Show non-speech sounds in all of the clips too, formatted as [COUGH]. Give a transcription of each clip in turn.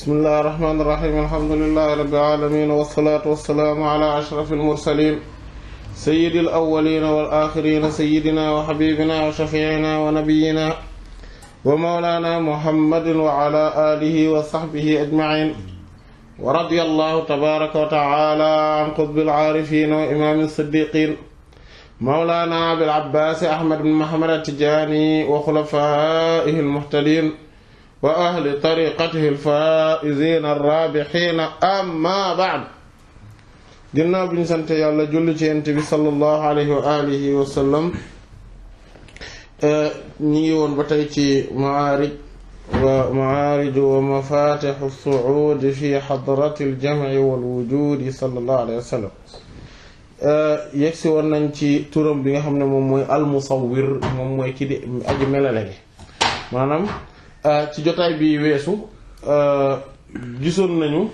بسم الله الرحمن الرحيم الحمد لله رب العالمين والصلاة والسلام على أشرف المرسلين سيد الأولين والآخرين سيدنا وحبيبنا وشفيعنا ونبينا ومولانا محمد وعلى آله وصحبه أجمعين ورضي الله تبارك وتعالى عن قطب العارفين وإمام الصديقين مولانا بالعباس العباس أحمد بن محمد التجاني وخلفائه المحتلين وأهل طريقته الفائزين الرابحين أما بعد قلنا بن سنتي يالله جلتي أنت صلى الله عليه وآله وسلم نيون بتيتي معارج ومعارج ومفاتح الصعود في حضرة الجمع والوجود صلى الله عليه وسلم يكسي ورنانتي تورم بيغا خامن موم موي المصور موم موي كي دي اجي ملالي مانام Euh, ci jotaay bi weesu euh, gisoon nañu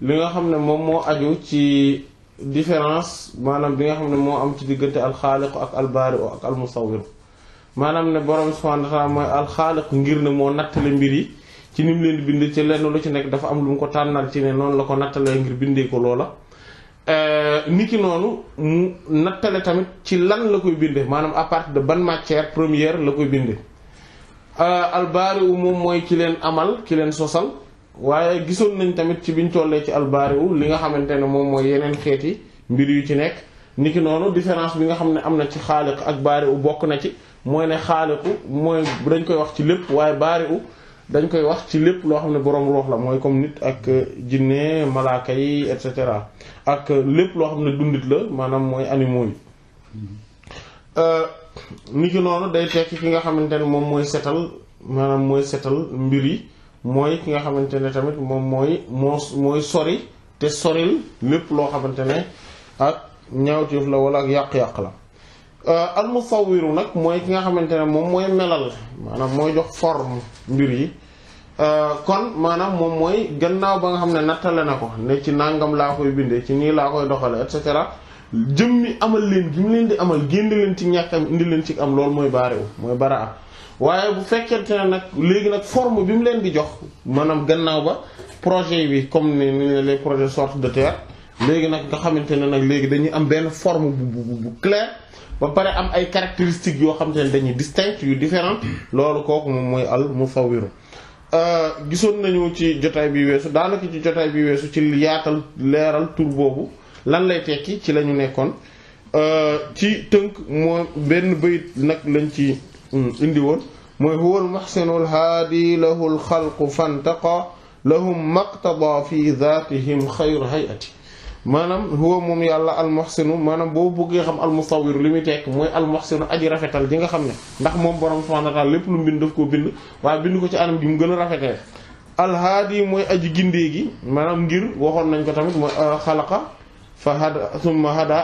li nga xam ne moom moo aju ci différence maanaam bi nga xam ne moo am ci diggante alxaaliqu ak albaariu ak almusawiru maanaam ne borom subhaanahu wa taala ngir ne moo nattale mbir yi ci ni bind ci lenn lu ci nekk dafa am lu mu ko tànnal ci ne noonu la ko nattalee ngir bindee ko loola. Euh, niki noonu mu nattale tamit ci lan la koy bindee maanaam à de ban matière première la koy bindee. Euh, albaariwu moom mooy ki leen amal ki leen sosal waaye gisoon nañ tamit ci biñ tollee ci albaariwu li nga xamante ne moom mooy yeneen xeeti mbir yu ci nekk ki noonu différence bi nga xam ne am na ci xaaliq ak baariwu bokk na ci mooy ne xaaliqu mooy dañ koy wax ci lépp waaye baariwu dañ koy wax ci lépp loo xam ne borom ruux la mooy comme nit ak jinne malaaka yi et cetera ak lépp loo xam ne dundit la maanaam mooy animo yi euh, ni ki noonu day tekki ki nga xamante ne moom mooy setal maanaam mooy setal mbir yi mooy ki nga xamante ne tamit moom mooy moo mooy sori te soril lépp loo xamante ne ak ñaawteef la wala ak yàq-yàq la euh, al musawiru nag mooy ki nga xamante ne moom mooy melal maanaam mooy jox forme mbir yi euh, kon maanaam moom mooy gannaaw ba nga xam ne nattale na ko ne ci nangam laa koy bindee ci nii laa koy doxale et jëm amal leen gi mu leen di amal génn ci ñàkkam indi leen ci am loolu mooy baarewu mooy bara waaye bu fekkente ne nag léegi nag forme bi leen di jox maanaam gannaaw ba projet bi comme les projets sortent de terre léegi nag nga xamante ne nag léegi dañuy am benn forme bu bu bu clair ba pare am ay caractéristiques yoo xamante ne dañuy distinctes yu différentes loolu kooku moom mooy al musawwiru euh, gisoon nañu ci jotaay bi weesu daanaka ci jotaay bi weesu ci yaatal leeral tour boobu lan lay tekki ci la ñu nekkoon Euh, ci tënk moo benn bayit nag lañ ci hmm, indi woon mooy huwa almuxsinu alhaadi lahu alxalqu fantaqa lahum maqtada fi zaatihim xayru hayati maanaam huwa moom yàlla almuxsinu maanaam boo buggee xam almusawir li muy tekk mooy al almuxsinu aji rafetal ji nga xam ne ndax moom borom subhaanahu wa taala lépp lu mbind daf koo bind waaye bind ko ci anam gi mu gën a rafetee alhaadi mooy aji gindee gi maanaam ngir waxoon nañ ko tamit mooy euh, xalaqa فهدى ثم هدى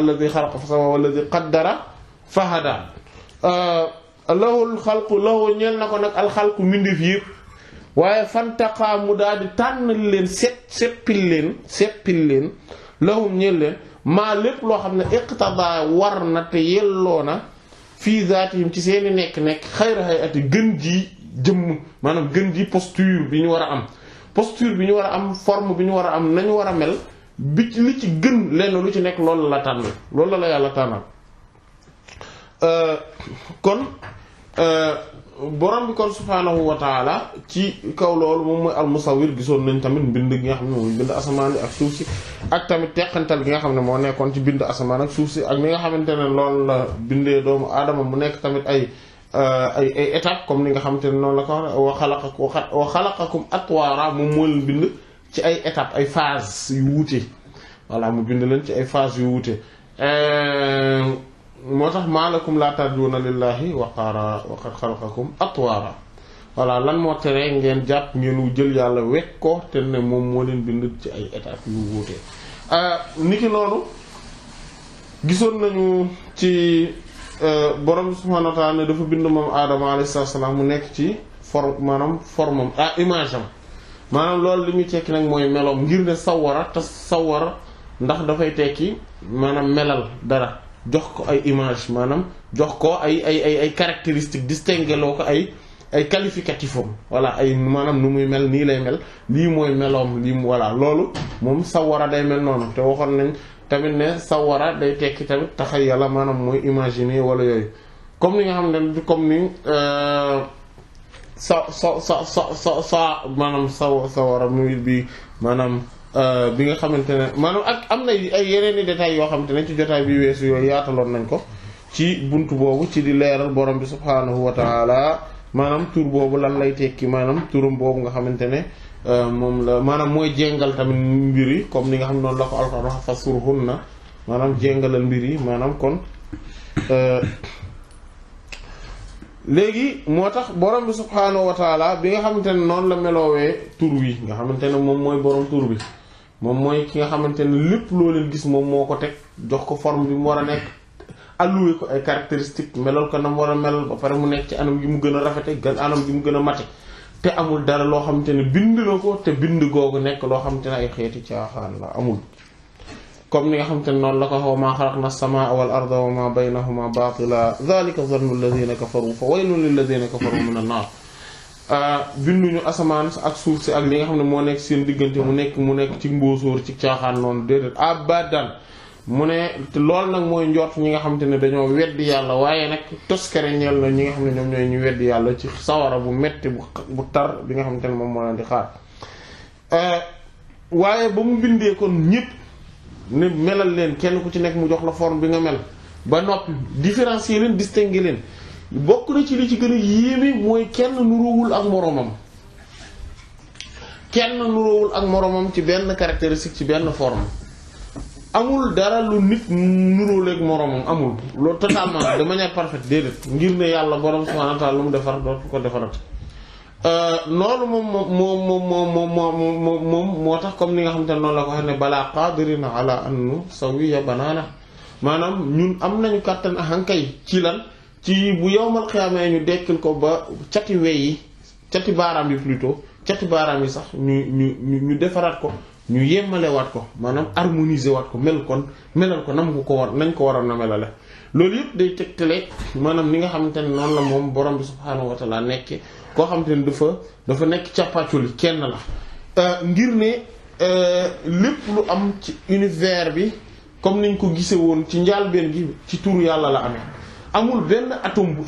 الذي خلق فسوى والذي قدر فهدى lahu alxalqu lahu ñeel na ko nag alxalqu mbindeef yëpp waaye fantaqaa mu daal di tànnal leen set seppil leen seppil leen lahum ñeel leen maa lépp loo xam ne iqtadaa war na te yelloo na fii zaatihim ci seeni nekk-nekk xayra hayati gën ji jëmm maanaam gën ji posture bi ñu war a am posture bi ñu war a am forme bi ñu war a am nañu war a mel bi ci li ci gën lenn lu ci nekk loolu la tànn loolu la la yàlla tànnal euh, kon euh, borom bi kon subhaanahu wa ci kaw loolu moom mooy almusawir gisoon nañ tamit mbind gi nga xam ne moom ak suuf si ak tamit teqantal gi nga xam ne moo nekkoon ci bind asamaan ak suuf si ak ni nga xamante ne loolu la bindee doomu aadama mu nekk tamit ay euh, ay ay étape comme ni nga xamante ne noonu la ko wax wa xalaqakum atwaara moom moo leen bind ci ay étapes ay phases yu wuute voilà mu bind leen ci ay phase yu wuute euh, moo tax maalakum laa tarjuuna lillahi waqaara wa qad xalaqakum atwaara voilà lan moo tere ngeen jàpp ngeen jël yàlla wekk ko te ne moom moo leen bind ci ay étapes yu wuute euh, niki noonu gisoon nañu ci euh, borom bi subhaanahu wa ne dafa bind moom aadama alayhi salaam mu nekk ci forme maanaam forme ah image maanaam loolu li muy tekki nag mooy meloom ngir ne sawara te sawara ndax dafay tekki maanaam melal dara jox ko ay image maanaam jox ko ay ay ay ay caractéristiques distingué loo ko ay ay qualificatif am voilà ay maanaam nu muy mel nii lay mel lii mooy meloom lii voilà loolu moom sawara day mel noonu te waxoon nañ tamit ne sawara day tekki tamit taxay yàlla maanaam mooy imaginer wala yooyu comme ni nga xam ne comme ni euh, sa sa sa sa sa sa maanaam sa sa war a muy bi maanaam euh, bi nga xamante ne maanaam ak am na ay yeneen i détails yoo xamante ne ci jotaay bi weesu yooyu yaataloon nañ ko ci bunt boobu ci di leeral borom bi subhaanahu wa taala maanaam tur boobu lan lay tekki maanaam turam boobu nga xamante ne euh, moom la maanaam mooy jéngal tamit mbir yi comme ni nga xam noonu la ko alxuraan wax na maanaam jéngalal mbir yi maanaam kon euh, léegi moo tax borom bi subhaanahu wa taala bi nga xamante ne noonu la meloowee tur wi nga xamante ne moom mooy borom tur bi moom mooy ki nga xamante ne lépp loo leen gis moom moo ko teg jox ko forme bi mu war a nekk alloué ko ay caractéristiques melal ko na mu war a mel ba pare mu nekk ci anam gi mu gën a rafete gën anam bi mu gën a mate te amul dara loo xamante ne bind na ko te bind googu nekk loo xamante ne ay xeeti caaxaan la amul comme ni nga xamante ne noonu la ko wa maa xalaqna as-samaa wal arda wa maa baynahumaa baatila zaalika zannu allaziina kafaru fa waylun lillaziina kafaru mina naar ah, binduñu asamaan ak suuf si ak li nga xam ne moo nekk seen diggante mu nekk mu nekk ci mbóosóor ci caaxaan noonu déedéet abadan mu ne lool nag mooy njort ñi nga xamante ne dañoo weddi yàlla waaye nag toskare ñeel na ñi nga xam ne ñoom ñooy ñu weddi yàlla ci sawara bu metti bu bu tar bi nga xamante ne moom moo leen di xaar eh, waaye ba mu bindee kon ñëpp. ne melal leen kenn ku ci nekk mu jox la form bi nga mel ba noppi différencier leen distinguer leen bokk na ci li ci gën a yéeme mooy kenn nuroowul ak moroomam kenn nuroowul ak moroomam ci benn caractéristique ci benn forme amul dara lu nit nuróoleeg moroomam amul loolu totalement de manière parfaite déedéet ngir ne yàlla borom subhanahu wa ta'ala lu mu defar dootu ko defarat Euh, loolu moom moom moom moom moom moom moo tax comme ni nga xamante ne noonu la ko waxee ne balaa qadirina ala an nusawiya banaana maanaam ñun am nañu kàttan ahankay ci lan ci bu yowmal xiyaama ñu dekkil ko ba cati wey yi cati baaraam yi plutôt cati baaraam yi sax ñu ñu ñu defaraat ko ñu yemmalewaat ko maanaam harmoniser waat ko mel kon melal ko nam ko war nañ ko waroon a melale loolu yëpp day tegtale maanaam ni nga xamante ne noonu la moom borom bi subhaanahu wa taala nekke koo xamante ne dafa dafa nekk càppaaculi kenn la euh, ngir ne euh, lépp lu am ci univers bi comme niñ ko gise woon ci njaalbeen gi ci turu yàlla la amee amul benn atome bu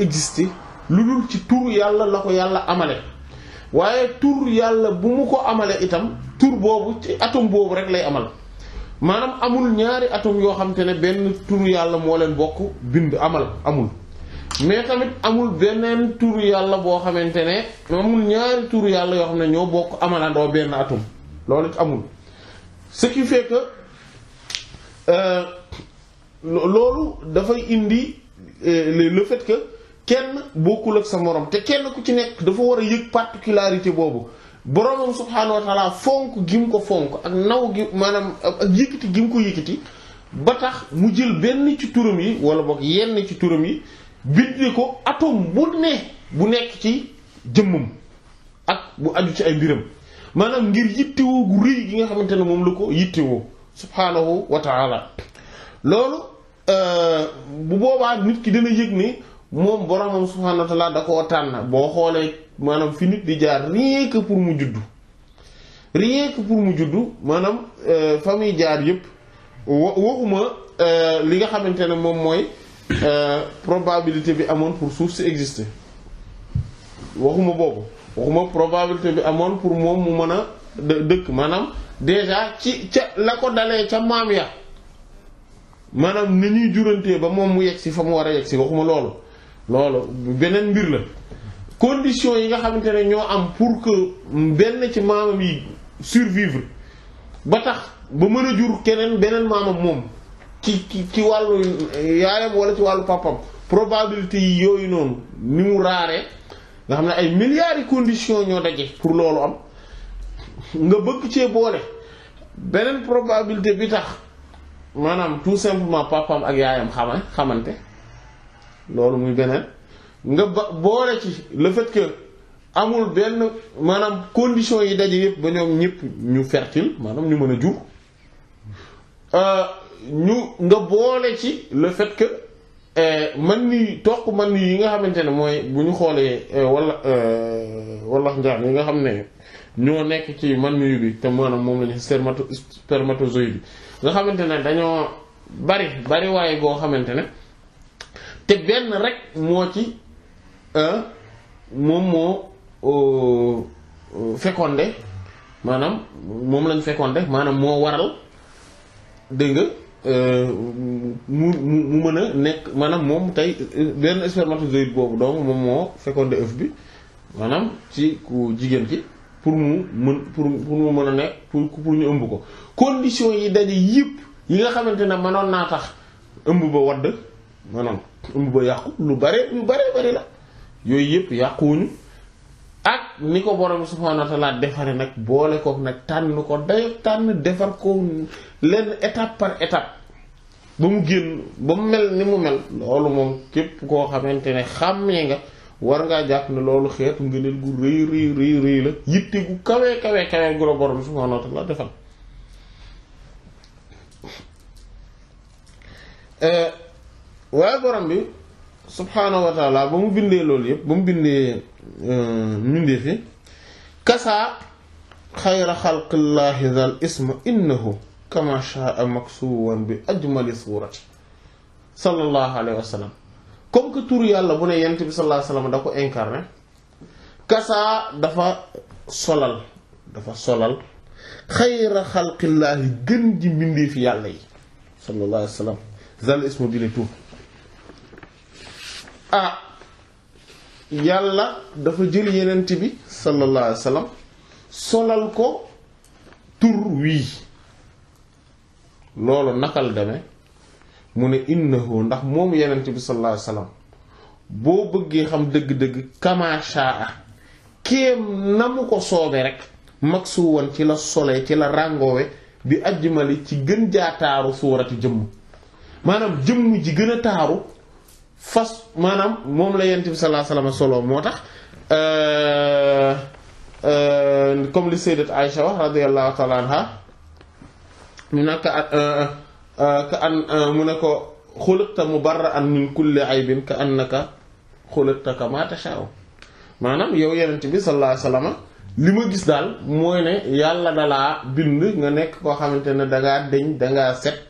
lu dul ci turu yàlla la ko yàlla amale waaye tur yàlla bu mu ko amale itam tur boobu ci atum boobu rek lay amal maanaam amul ñaari atome yoo xam ne benn tur yàlla moo leen bokk bind amal amul mais tamit amul beneen tur yàlla boo xamante ne amul ñaari tur yàlla yoo xam ne ñoo bokk amalandoo benn atum loolu it amul ce qui fait que euh, loolu dafay indi euh, le fait que kenn bokkul ak sa moroom te kenn ku ci nekk dafa war a yëg particularité boobu boroomam subhaanahu wa taala fonk gim ko fonk ak naw gi maanaam ak yëkkati gim ko yëkkati ba tax mu jël benn ci turam yi wala boog yenn ci turam yi bindee ko atome bu ne bu nekk ci jëmmam ak bu aju ci ay mbiram maanaam ngir yittewoo gu rëy gi nga xamante ne moom lu ko yittewoo subhaanahu wa taala loolu euh, bu boobaa nit ki dina yëg ne moom boromam subhaanahu wa taala da koo tànn boo xoolee maanaam fi nit di jaar rien que pour mu juddu rien pour mu juddu maanaam euh, fa muy jaar yépp wa waxuma euh, li nga xamante ne moom mooy Euh, probabilité bi amoon pour suuf si exister waxuma boobu waxuma probabilité bi amoon pour moom mu mën a dëkk maanaam déjà ci ca la ko dalee ca maam ya maanaam ni ñuy jurantee ba moom mu yegg si fa mu war a yegg waxuma loolu loolu beneen mbir la condition yi nga xamante ne ñoo am pour que benn ci maamam yi survivre ba tax ba mën a jur keneen beneen maamam moom ci ci ci wàllu yaayam wala ci wàllu papam probabilité yi yooyu noonu ni mu raaree nga xam ne ay milliards de conditions ñoo daje pour loolu am nga bëgg cee boole beneen probabilité bi tax maanaam tout simplement papam ak yaayam xama xamante loolu muy beneen nga ba boole ci le fait amul benn maanaam conditions yi daje yëpp ba ñoom ñëpp ñu fertile maanaam ñu mën a jur euh, ñu nga boole ci le fait que euh, man ni toq man ni yi nga xamante ne mooy bu ñu xoolee wala wala njaam yi nga xam ne ñoo nekk ci man ni bi te maanaam moom lañu spermato spermatozoïde bi nga xamante ne dañoo bari bari waaye goo xamante ne te benn rek moo ci euh, moom moo euh, fécondé maanaam moom lañ fécondé maanaam moo waral dégg nga mu mu mu mën a nekk maanaam moom tey benn spermatozoïde boobu donc moom moo fécondé œuf bi maanaam ci ku jigéen ki pour mu mën pour pour mu mën a nekk pour pour ñu ëmb ko condition yi daje yëpp yi nga xamante ne mënoon naa tax ëmb ba wadd maanaam ëmb ba yàqu lu bare lu bare bari la yooyu yëpp yàquwuñu ak ni ko borom subhaanahu wa taala defare nag boole kook nag tànn ko day tànn defar ko lenn étape par étape ba mu génn ba mu mel ni mu mel loolu moom képp koo xamante ne xàmmee nga war ngaa jàpp ne loolu xeetu ngëneel gu rëy rëy rëy la yitte gu kawe kawe kawe gu la borom wa ta'aala defal euh, bi subhaanahu ba mu bindee loolu yëpp ba mu bindee euh, mbindee fi kasaa xayra xalqillaahi zal isma innahu كما شاء مكسوا بأجمل صورته صلى الله عليه وسلم comme que tur yàlla bu ne yent bi sallallahu alayhi wasallam da ko incarné kasaa dafa solal dafa solal xayra xalqillaahi gën ji mbindee fi yàlla yi sallallahu alayhi wasallam zal ismu bi le tur ah yàlla dafa jël yenent bi sallallahu alayhi wasallam solal ko tur wii loolu naka la demee mu ne innahu ndax moom yenent bi sallallahu alayhi wasallam boo bëggee xam dëgg-dëgg kama shaa kéem na mu ko soobe rek mag su woon ci la solee ci la ràngoowe bi ajjmali ci gën jaataaru taaru suurati jëmm maanaam jëmm ji gën a taaru fas maanaam moom la yenent bi solo moo tax euh, euh, comme li sayyidat Aïcha wax radiyallahu ta'ala anha mu ne ka an euh, euh, ka an euh, mu ne ko xuliqta mubarra'an min kulli aybin ka annaka xuliqta kamaa maanaam yow yenent bi sallallahu alayhi li ma gis daal mooy ne yàlla dalaa bind nga nekk koo xamante ne dangaa deñ dangaa set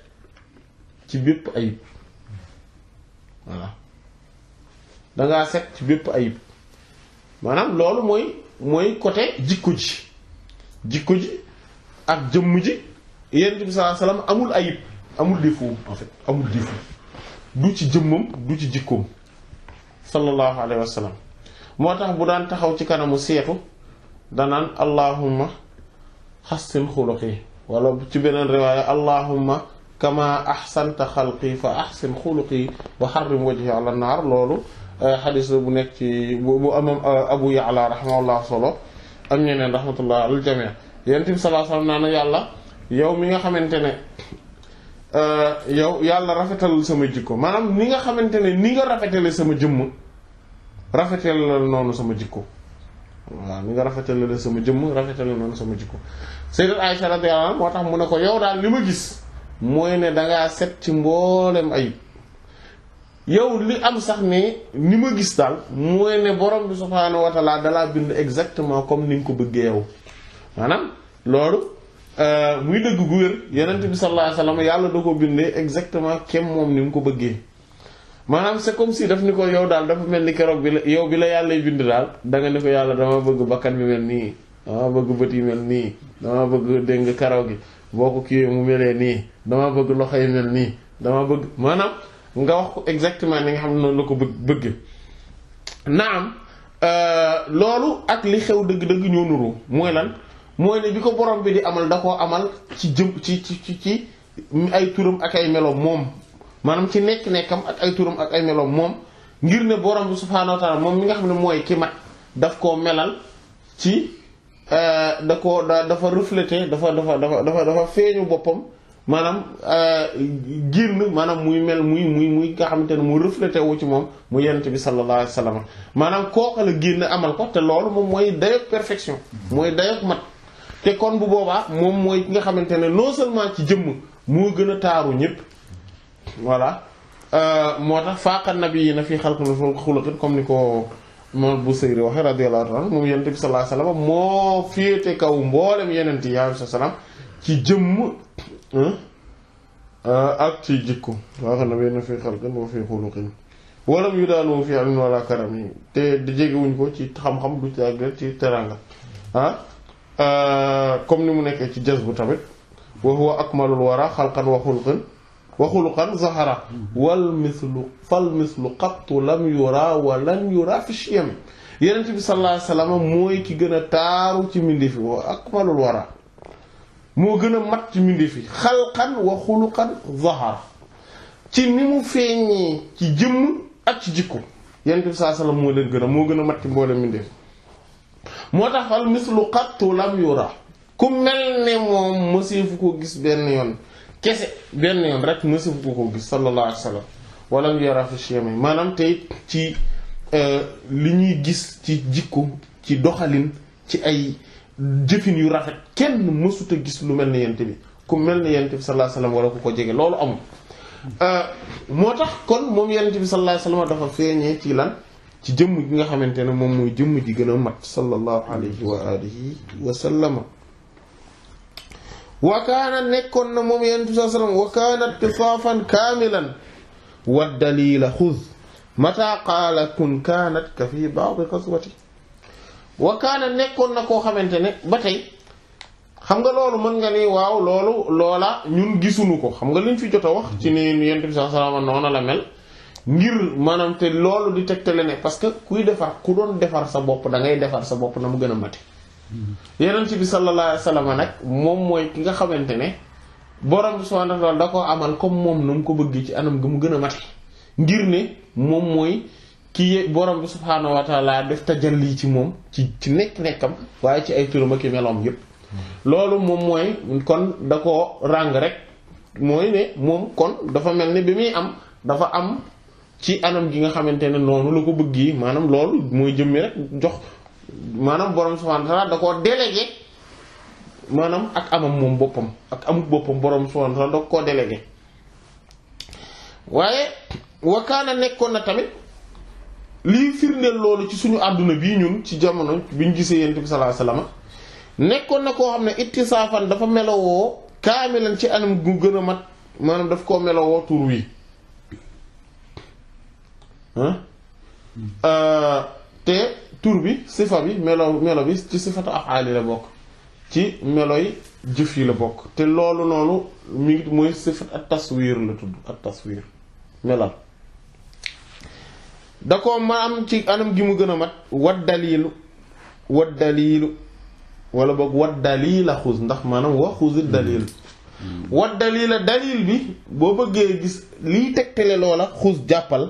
ci bépp ayib voilà dangaa set ci bépp ayib maanaam loolu mooy mooy côté jikko ji jikko ji ak jëmm ji yonent bi sallallahu alayhi wasallam amul ayib amul défaut en du ci jëmmam du ci jikkoom sallallahu moo tax bu daan taxaw ci kanamu seetu danaan allahumma xassin xuluqi wala ci beneen riwaaya allahumma kama ahsanta xalqi fa ahsin xuluqi wa xarrim wajhi ala naar loolu euh, xadis bu nekk ci bu amam euh, abu ya'la rahimahullah solo ak ñeneen rahmatullah al jami' yonent bi sallallahu alayhi yàlla yow mi nga xamante ne euh, yow yàlla rafetalal sama jikko maanaam ni nga xamante ne ni nga rafetale sama jëmm rafetalal noonu sama jikko waaw ni nga rafetalal sama jëmm rafetalal noonu sama jikko sayyidat Aisha radiyallahu anha moo tax mu ne ko yow daal li ma gis mooy ne dangaa set ci mboolem ayib yow li am sax ne ni ma gis daal mooy ne borom bi subhaanahu wa taala dalaa bind exactement comme ni nga ko bëggee yow maanaam loolu Euh, muy dëgg gu wér yenent bi sallallahu alayhi wasallam yàlla da ko bindee exactement kem moom ni mu ko bëggee maanaam c'est comme si daf ni ko yow daal dafa mel ni keroog bi la yow bi la yàllay bind daal da nga ni ko yàlla dama bëgg bakkan bi mel nii dama bëgg bët yi mel nii dama bëgg dégg nga karaw gi boo ko kiiwee mu melee nii dama bëgg loxo yi mel nii dama bëgg maanaam nga wax ko exactement ni nga xam ne noonu la ko bëgg bëgg naam euh, loolu ak li xew dëgg-dëgg ñoo nuru mooy lan mooy ne bi ko borom bi di amal da koo amal ci jëm ci ci ci ay turam ak ay melo moom maanaam ci nekk-nekkam ak ay turam ak ay melo moom ngir ne borom bi subhaanahu wa moom mi nga xam ne mooy ki mat daf koo melal ci euh, da ko da dafa refléter dafa dafa dafa dafa dafa feeñu boppam maanaam euh, génn maanaam muy mel muy muy muy nga xamante ne mu reflété wu ci moom mu yent bi sallallahu alayhi wa sallam maanaam kooku la génn amal ko te loolu moom mooy dayoog perfection mm-hmm. mooy dayoog mat te kon bu boobaa moom mooy ki nga xamante ne non seulement ci jëmm moo gën a taaru ñëpp voilà euh, moo tax faaqa nabiyyiina fii xalqin fi xuluqin comme ni ko moom Busayri waxe radiyallahu anhu moom yenente bi sallallahu alayhi wasallam moo féete kaw mboolem yenent yi alayhi salaam ci jëmm euh, ak ci jikko faaqa nabiyyiina fii xalqin wa fii xuluqin walam yu daal moom fii ilmin wala karam yi te di jegewuñ ko ci xam-xam du ci ak ci teranga ah? Euh, comme ni mu nekkee ci bu tamit wa huwa akmalul wara xalqan wa xulqan wa xuluqan zahara wal mislu fal mislu qattu lam yura wa lan yura bi sallallahu mooy ki gën a taaru ci mbindeef yi wa akmalul gën a mat ci zahara ci ni mu feeñee ci jëmm ak ci jikko yenent bi sallallahu alayhi moo leen gën a moo gën a mat ci mboolem mbindeef moo tax fal mislu qattu lam yura ku mel ne moom mësifu ko gis benn yoon kese benn yoon rek mësifu ko ko gis sallallahu alayhi wa sallam walam yara fi shiyami maanaam tey ci euh, li ñuy gis ci jikko ci doxalin ci ay jëfin yu rafet kenn mësut a gis lu mel ne yent bi ku mel ni yent bi sallallahu alayhi wala ku ko jege loolu amul euh, moo tax kon moom yent bi sallallahu alayhi wa dafa feeñee ci lan ci jëmm ji nga xamante ne moom mooy jëmm ji gën a mat sallallahu alayhi wa alihi wa sallama wa kaana nekkoon na moom yenent bi sai sallam wa kaana tisaafan kaamilan wa dalila xuz mata qaala kun kaanat ka fii baadi xaswati wa kaana nekkoon na koo xamante ne ba tey xam nga loolu mën nga ni waaw loolu loola ñun gisuñu ko xam nga liñ fi jot a wax ci ni yenent bi sai sallam noona la mel ngir maanaam te loolu di tegtale ne parce que kuy defar ku doon defar sa bopp da ngay defar sa bopp na mu gën a mati mm-hmm. yeneen ci bi sallallahu alayhi wa moom mooy ki nga xamante ne borom bi subhanahu wa ta'ala da ko amal comme moom nu mu ko bëggee ci anam gi mu gën a mate ngir ne moom mooy ki borom bi subhanahu wa ta'ala def tajalli ci moom ci ci nekk-nekkam waaye ci ay turam ak meloom yépp mm-hmm. loolu moom mooy kon da ko ràng rek mooy ne moom kon dafa mel ni bi muy am dafa am ci anam gi nga xamante ne noonu la ko bëggee maanaam loolu mooy jëmmi rek jox maanaam borom subhaanahu wa ta'aala da koo délégué maanaam ak amam moom boppam ak amut boppam borom subhaanahu wa ta'aala da koo délégué waaye wakaana nekkoon na tamit lii firnde loolu ci suñu àdduna bii ñun ci jamono bi ñu gisee yonent bi sallallaahu alayhi nekkoon na koo xam ne ittisaafan dafa melowoo kaamilan ci anam gu gën a mat maanaam daf koo melowoo tur wi Euh, te tur bi sifa bi melo melo bi ci sifatu afaali la bokk ci meloy jëf yi la bokk te loolu noonu mi ngi mooy sifat at taswiir la tudd ak taswiir melal da ko ma ci anam gi mu gën a mat wat daliilu wat daliilu wala boog wat daliila xuz ndax maanaam wa xuzi daliil hmm. wat daliila daliil bi boo bëggee gis liy tegtale loola xuz jàppal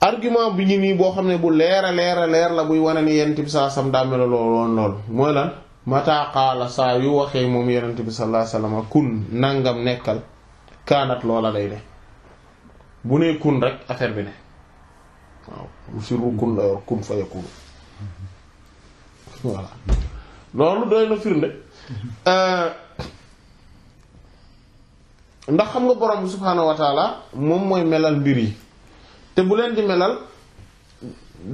argument bi ngi nii boo xam ne bu leer a leer la buy wane ni yenent bi saa sam daa mel looloon mooy lan mata saa yu waxee moom yenent bi sallallahu alayhi kun nangam nekkal kaanat loola lay ne bu nee kun rek affaire bi ne waaw surbu kun la yor kun fayakun voilà loolu doy na firnde euh, ndax xam nga borom bi subhaanahu wa moom mooy melal mbir yi te bu leen di melal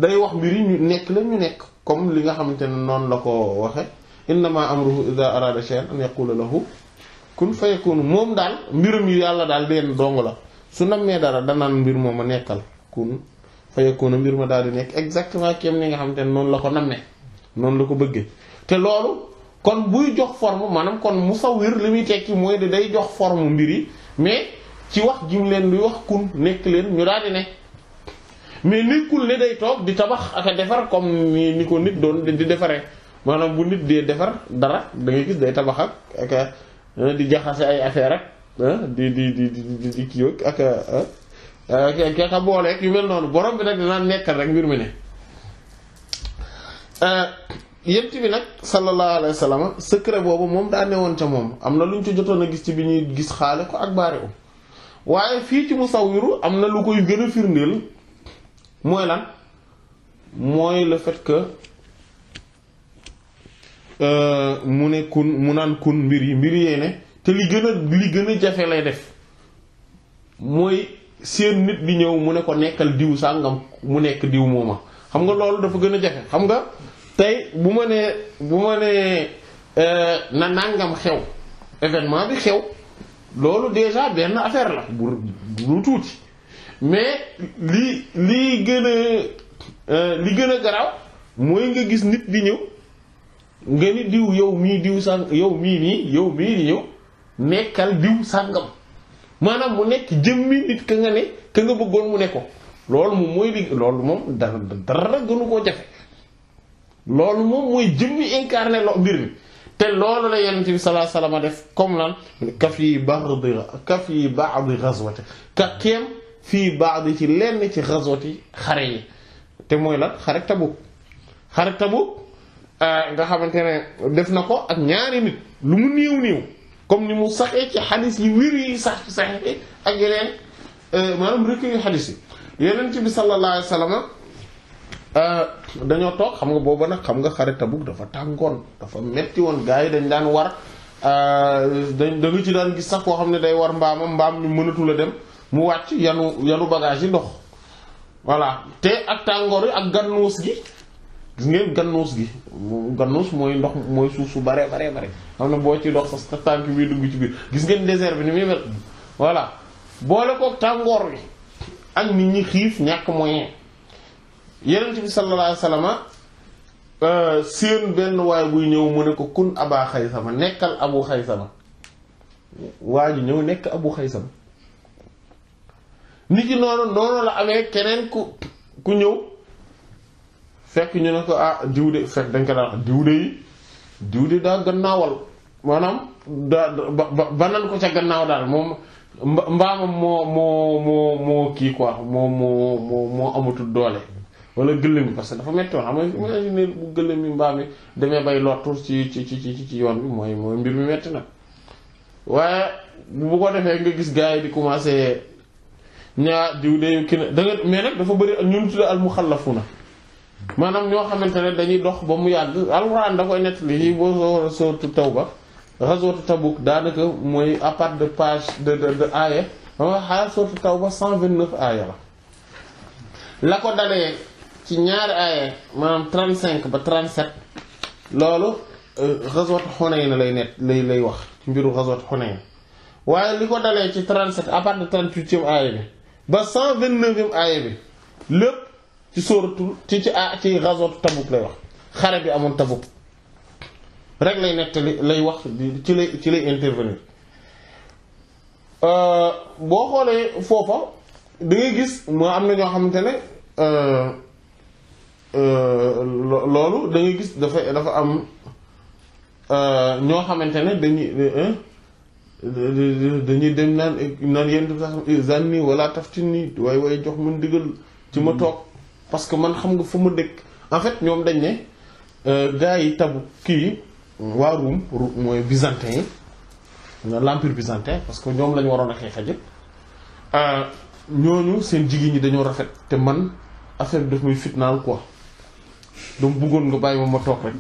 day wax mbir yi ñu nekk la ñu nekk comme li nga xamante ne noonu la ko waxe innama amruhu idha arada shay'an an yaqula lahu kun fayakun moom daal mbir mi yàlla daal leen dong la su nammee dara danaan mbir moom a nekkal kun fayakun mbir ma daal di nekk exactement kem ni nga xamante ne noonu la ko ne noonu la ko bëggee te loolu kon buy jox form maanaam kon musawwir li muy tekki mooy de day jox forme mbir yi mais ci wax jim leen luy wax kun nekk ñu daal di ne mais nekkul ne day toog di tabax ak a defar comme ni ko nit doon di defaree maanaam bu nit dee defar dara da ngay gis day tabax ak ak eh, di jaxase ay affaire ak eh, di di di di di ak ak eh, ak yu mel noonu borom bi nag dinaa nekkal rek mbir mi ne. yent bi nag sallallahu alayhi wa sallam secret boobu moom daa newoon ca moom am na lu ñu ci jotoon a gis ci bi ñuy gis xaale ko ak baare waaye fii ci mu sawiru am na lu koy gën a firndeel. mooy lan mooy le fait que euh, mu ne kun mu naan kun mbir yi mbir yee ne te li gën a li gën a jafe lay def mooy seen nit di ñëw mu ne ko nekkal diw sàngam mu nekk diw mooma xam nga loolu dafa gën a jafe xam nga tey bu ma nee bu ma nee euh, na nangam xew événement bi xew loolu déjà benn affaire la bu lu tuuti mais lii li gën a euh, li gën a garaaw mooy nga gis nit di ñëw nga ni diw yow mii diw sàng yow mii nii yow mii di ñëw nekkal diw sàngam maanaam bu nekk jëmmi nit ka nga ne ka nga bëggoon mu ne ko loolu moom mooy li loolu moom dara dara gënu koo jafe loolu moom mooy jëmmi incarné lo mbir mi te loolu la yonent bi sallallahu alayhi def comme lan kaf yi ba'd kaf yi ba'd ghazwat ka keem fii ba'd ci lenn ci yi xare yi te mooy la xare Tabuk xare Tabuk euh, nga xamante ne def na ko ak ñaari nit lu mu néew néew comme ni mu saxee ci xadis yi wér yi sax ci saxee bi ak yeneen euh, maanaam rëkk yu xadis yi Yonent bi sallallahu alayhi euh, dañoo toog xam nga booba nag xam nga xare Tabuk dafa tàngoon dafa metti woon gars yi dañ daan war dañ da nga ci daan gis sax koo xam ne day war mbaamam mbaam mi mënatul a dem mu wàcc yanu yanu bagage yi ndox voilà te ak tàngoor yi ak gannuus gi gis ngeen gannuus gi gannuus mooy ndox mooy suuf bare bare bare xam ne boo ci dox parce que bii dugg ci biir gis ngeen désert bi ni muy mel voilà boole tàngoor bi ak nit ñi euh, benn waay buy ñëw mu ne ko kun aba xaysama nekkal abu xaysama waa ji ñëw nekk abu xaysama nit ki noonu noonu la amee keneen ku ku ñëw fekk ñu ne ko ah diw de fekk dañ ko daan diw de yi diw de daa gannaawal maanaam da ba banal ko ca gannaaw daal moom mbaamam moo moo moo moo kii quoi moo moo moo moo amatul doole wala gëléem bi parce que dafa méttoon xam nga ne bu gëléem bi mbaam yi demee bay lottu ci ci ci ci yoon bi mooy mooy mbir mi metti na waaye bu ko defee nga gis gars yi di commencer. ñaa diw de ki ne da nga mais nag dafa bëri ñun tudde al muxallafuna maanaam ñoo xamante ne dañuy dox ba mu yàgg alxuraan da koy nettali yi boo soo sootu tawba ghazwatu Tabuk daanaka mooy à part de page de de de aaya ama xaa sootu tawba 129 aaya la la ko dalee ci ñaari aaya maanaam 35 ba 37 loolu euh, ghazwatu Hunayn lay net lay lay wax mbiru ghazwatu Hunayn waaye li ko dalee ci 37 à part de 38 aaya bi ba cent vingt neuvième aaya bi lépp ci sóoratu ci ci a ah, ci ghazwat Tabuk lay wax xare bi amoon Tabuk rek lay nettali lay wax ci lay ci lay intervenir euh, boo xoolee foofa da ngay gis moo am na ñoo xamante ne euh, euh, loolu da gis dafa dafa am ñoo xamante ne dañuy dañuy dem naan naan yéen itam sax zanni wala taftinni waaye waaye jox ma ndigal ci ma mm-hmm. toog parce que man xam nga fu ma dëkk en fait ñoom dañ ne euh, gars yi tabu kii waa Ruum mooy byzantin yi l'empire byzantin parce que ñoom la waroon a xeexal euh, ñooñu seen jigéen ñi dañoo rafet te man affaire bi daf muy fitnaal quoi dama bëggoon nga bàyyi ma ma toog rek.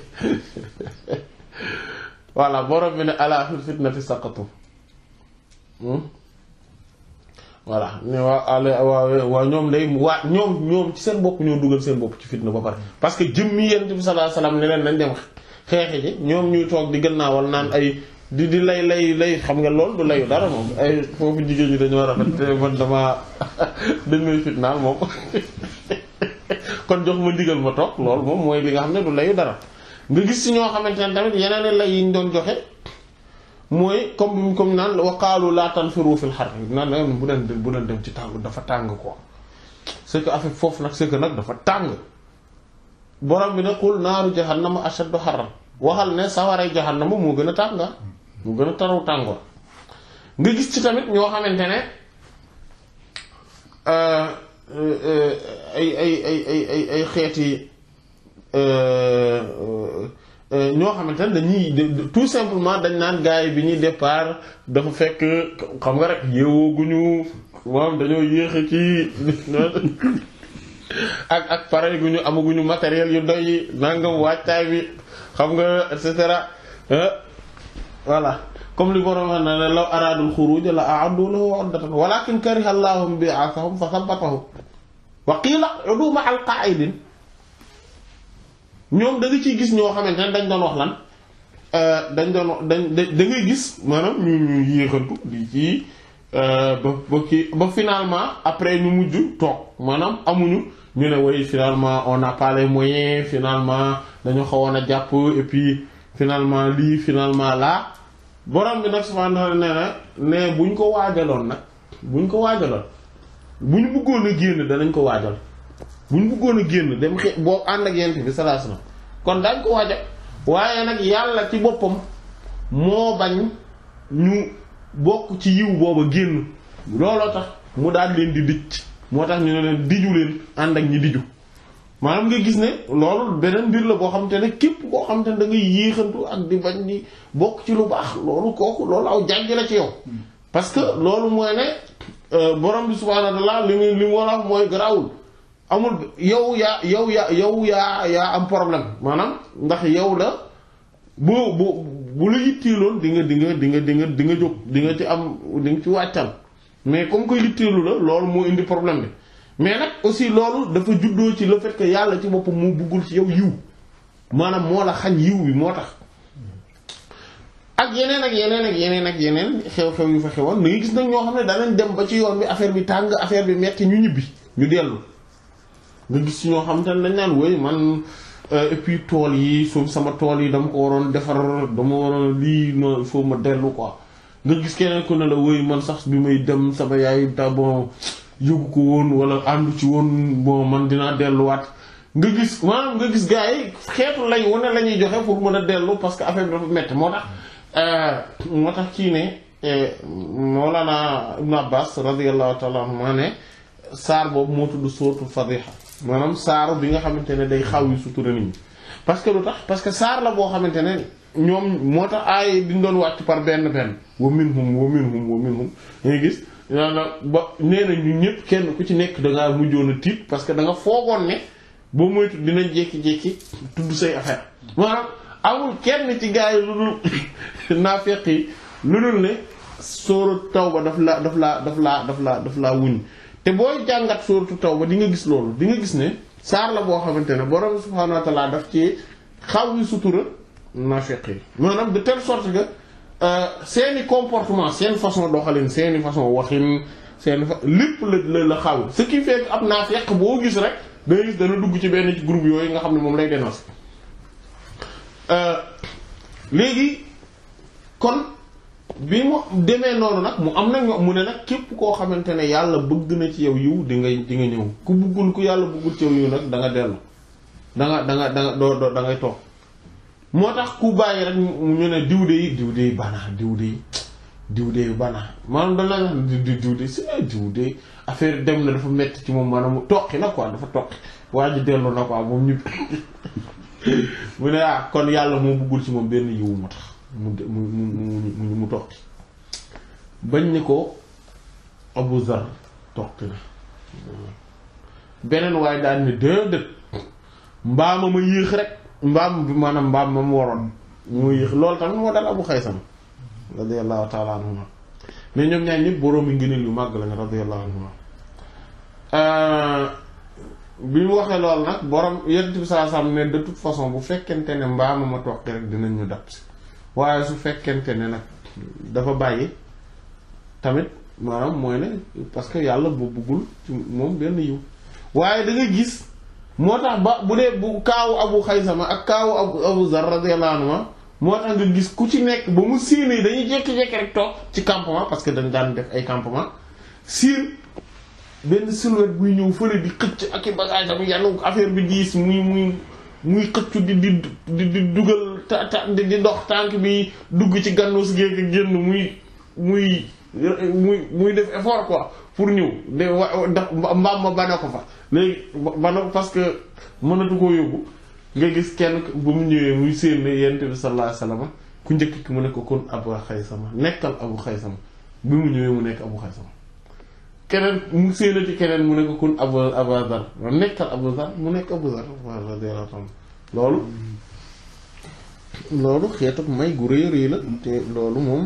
[LAUGHS] voilà borom bi ne ala fil fitnati saqatu hmm? voilà ne ñoom lay waa ñoom ñoom ci seen bopp ñoo dugal seen bopp ci fitna ba pare parce que jëmmi yonent bi sallallahu alayhi wasallam ne leen nañ dem xeexi ji ñoom ñuy toog di gannaawal naan ay di di lay lay lay xam nga lool du layu dara moom ay foofu jigéen ñi dañoo rafet te man damaa [LAUGHS] dañ may fitnaal moom [LAUGHS] kon jox ma ndigal ma toog lool moom mooy li nga xam ne du layu dara nga gis ci ñoo xamante ne tamit yeneen lay yi ñu doon joxe mooy comme comme naan waqaalu laa tanfiru fil xar naan bu leen bu leen dem ci tàngoor dafa tàng quoi c'est que foofu nag c'est que nag dafa tàng borom bi ne qul naaru jahannama ashaddu xarran waxal ne na jahannama moo gën a tànga moo gën a taraw tàngoor nga gis ci tamit ñoo xamante ne euh, euh, euh, ay ay ay ay ay ay xeeti Euh, euh, ñoo xamante ne dañuy tout simplement dañ naan gars yi bi ñuy départ dafa fekk xam nga rek yeewooguñu moom dañoo yéex ci [LAUGHS] ak ak pare gu ñu amaguñu matériel yu doy nangam waajtaay bi xam nga et cetera voilà comme li borom xam ne law araadul xuruj la a'addu lahu uddatan walakin kariha Allahu bi'athahum fa thabbatahum wa qila 'udu ma'al qaa'idin ñoom da nga ciy gis ñoo xamante ne dañ doon wax lan euh, dañ doon dañ da ngay gis maanaam ñu ñu yéexantu di ci euh, ba ba kii ba finalement après ñu mujj toog maanaam amuñu ñu ne way finalement on n'a pas les moyens finalement dañu xawoon a jàpp et puis finalement lii finalement là borom bi nag subhaanahu nee na ne buñ ko waajaloon nag buñ ko waajaloon buñ bëggoon a génn danañ ko waajal buñ bëggoon a génn dem xe boo ànd ak yent bi salaas na kon daañ ko waajal waaye nag yàlla ci boppam moo bañ ñu bokk ci yiw boobu génn looloo tax mu daal leen di dijj moo tax ñu ne leen diju leen ànd ak ñi diju maanaam nga gis ne loolu beneen mbir la boo xamante ne képp koo xamante ne da ngay yéexantu ak di bañ di bokk ci lu baax loolu kooku loolu aw jànj la ci yow hmm. parce que loolu mooy ne euh, borom bi subhaanahu wa li mu li mu war a wax mooy garaawul amul yow yaa yow yaa yow yaa yaa am problème maanaam ndax yow la bu bu bu la yitteeloon di nga di nga di nga dinga nga nga jóg di nga ci am di nga ci wàccal mais comme que yitteelu la loolu moo indi problème bi mais nag aussi loolu dafa juddoo ci le fait yàlla ci boppam mu buggul ci yow yiw maanaam moo la xañ yiw bi moo tax ak yeneen ak yeneen ak yeneen ak yeneen xew-xew yu fa xewoon da nga gis nag ñoo xam ne danañ dem ba ci yoon bi affaire bi tàng affaire bi metti ñu ñibbi ñu dellu nga gis si ñoo xam ne dañ naan woy man euh, et puis tool yi su sama tool yi dama ko waroon defar dama waroon lii non il ma dellu quoi nga gis keneen ku ne la wooy man sax bi may dem sama yaay da bon yóbbu ko woon wala àndu ci woon bon man dinaa delluwaat nga gis maanaam nga gis gars yi xeetu lañ la ñuy joxe pour mën a dellu parce que affaire dafa métti moo tax euh, moo tax kii ne euh, Mawlana Ibn Abbas radiyallahu taala anhu ne saar boobu moo tudd sóotul fadiha maanaam saar bi nga xamante ne day xaw yu sutura nit ñi parce que lu tax parce que saar la boo xamante ne ñoom moo tax aay diñ doon wàcc par benn benn wa minhum wa minhum wa minhum ngay gis na ba nee ñu ñëpp kenn ku ci nekk da ngaa mujjoon a tiit parce que da nga foogoon ne ba moytu dinañ jékki-jékki tudd say affaire maanaam amul kenn ci gars yi lu dul [COUGHS] naafeq yi lu dul ne sóoru taw ba daf laa daf laa daf laa daf laa daf laa wuñ te booy jàngat suuratu tawba di nga gis loolu di nga gis ne saar la boo xamante ne borom subhaanahu wa taala daf ci xaw yi sutura nafiq yi maanaam de telle sorte que euh, seeni comportement seen façon doxalin seeni façon waxin seen lépp la la xaw ce qui fait que ab naafeq boo gis rek danga gis dana dugg ci benn ci groupe yooyu nga xam ne moom lay dénoncer euh, léegi kon bi mu demee noonu nag mu am nag mu ne nag képp koo xamante ne yàlla bëgg na ci yow yiw di nga di nga ñëw ku bëggul ku yàlla bëggul ci yow yiw nag da nga dellu da nga da toog moo tax ku bàyyi rek ñu ne diw de yi diw de yi banaa diw de yi diw de yi banaa maanaam da la diw de si diw de affaire dem na dafa metti ci moom maanaam toqi nag quoi dafa toqi waa ji dellu na quoi moom ñu [LAUGHS] mu ne ah kon yàlla moo buggul ci moom benn yiw moo tax mu mu mu mu toqi bañ ni ko Abu Zar toqi na beneen waaye daal ni déedéet mbaama ma yéex rek mbaam bi maanaam mbaam ma mu waroon mu yéex loolu tamit moo dal Abu Xaysam radiyallahu taala anhuma mais ñoom ñaar ñëpp boroomi ngëneel lu màgg lañu radiyallahu anhuma euh, bi mu waxee loolu nag borom yonent bi sallallahu alayhi wasallam ne de toute façon bu fekkente ne mbaama ma toqi rek dinañ ñu dab si waaye su fekkente ne nag dafa bàyyi tamit maanaam mooy ne parce que yàlla bu buggul moom benn yiw waaye danga gis moo tax ba bu dee bu kaawu abu xaysama ak kaawu abu abu zar radiyallahu moo tax nga gis ku ci nekk ba mu séenee dañuy jékki-jékki rek toog ci campement parce que dañ daan def ay campement siin benn silhouette buy ñëw fële di xëcc ak i bagage am yenn affaire bi diis muy muy muy xëccu di di dugal di di dox tànk bi dugg ci gànnuus géeg génn muy muy muy muy def effort quoi pour ñëw de wa ndax mbaam ma bane ko fa léegi bana parce que mënatu koo yóbbu nga gis kenn ba mu ñëwee muy séen ne yent bi sallallahu alayhi ku njëkk mu ne ko kon abu xaysama nekkal abu xaysama bi mu ñëwee mu nekk abu xaysama keneen mu séenati keneen mu ne ko kun abu abu zar nekkal abu zar mu nekk abu zar radiyallahu anhu loolu loolu xeetu may gu rëy rëy la te loolu moom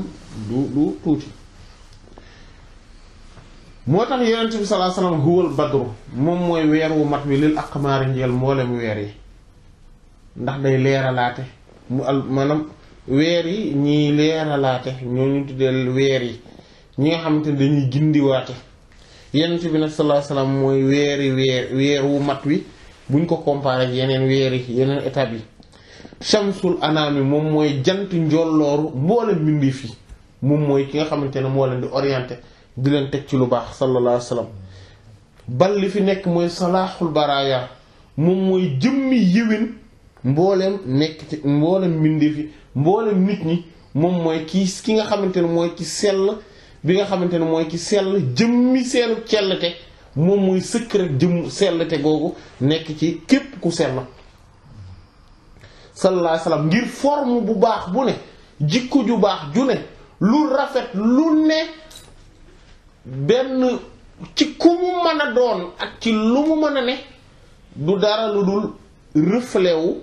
du du tuuti moo tax yonent bi sallallahu alayhi huwal badru moom mooy weer wu mat wi lil aqmaari njël mboolem weer yi ndax day leeralaate mu al maanaam weer yi ñiy leeralaate ñoo ñu tuddee weer yi ñi nga xam ne dañuy gindiwaate yonent bi nag sallallahu mooy weeri weer weer wu mat wi buñ ko comparé yeneen weer yi yeneen étapes yi shamsul anaami moom mooy jant njollooru mboolem mbindeef yi moom mooy ki nga xamante ne moo leen di orienté di leen teg ci lu baax sallallahu alayhi wa sallam li fi nekk mooy salaaxul baraaya moom mooy jëmmi yiwin mbooleem nekk ci mboolem mbindeef yi mboolem nit ñi moom mooy kii ki nga xamante ne mooy ci sell bi nga xamante ne mooy ci sell jëmmi seelu sellte moom mooy sëkk rek jëmm sellte googu nekk ci képp ku sell sallallahu alayhi ngir forme bu baax bu ne jikko ju baax ju ne lu rafet lu ne benn ci ku mu mën a doon ak ci lu mu mën a ne du dara lu dul reflet wu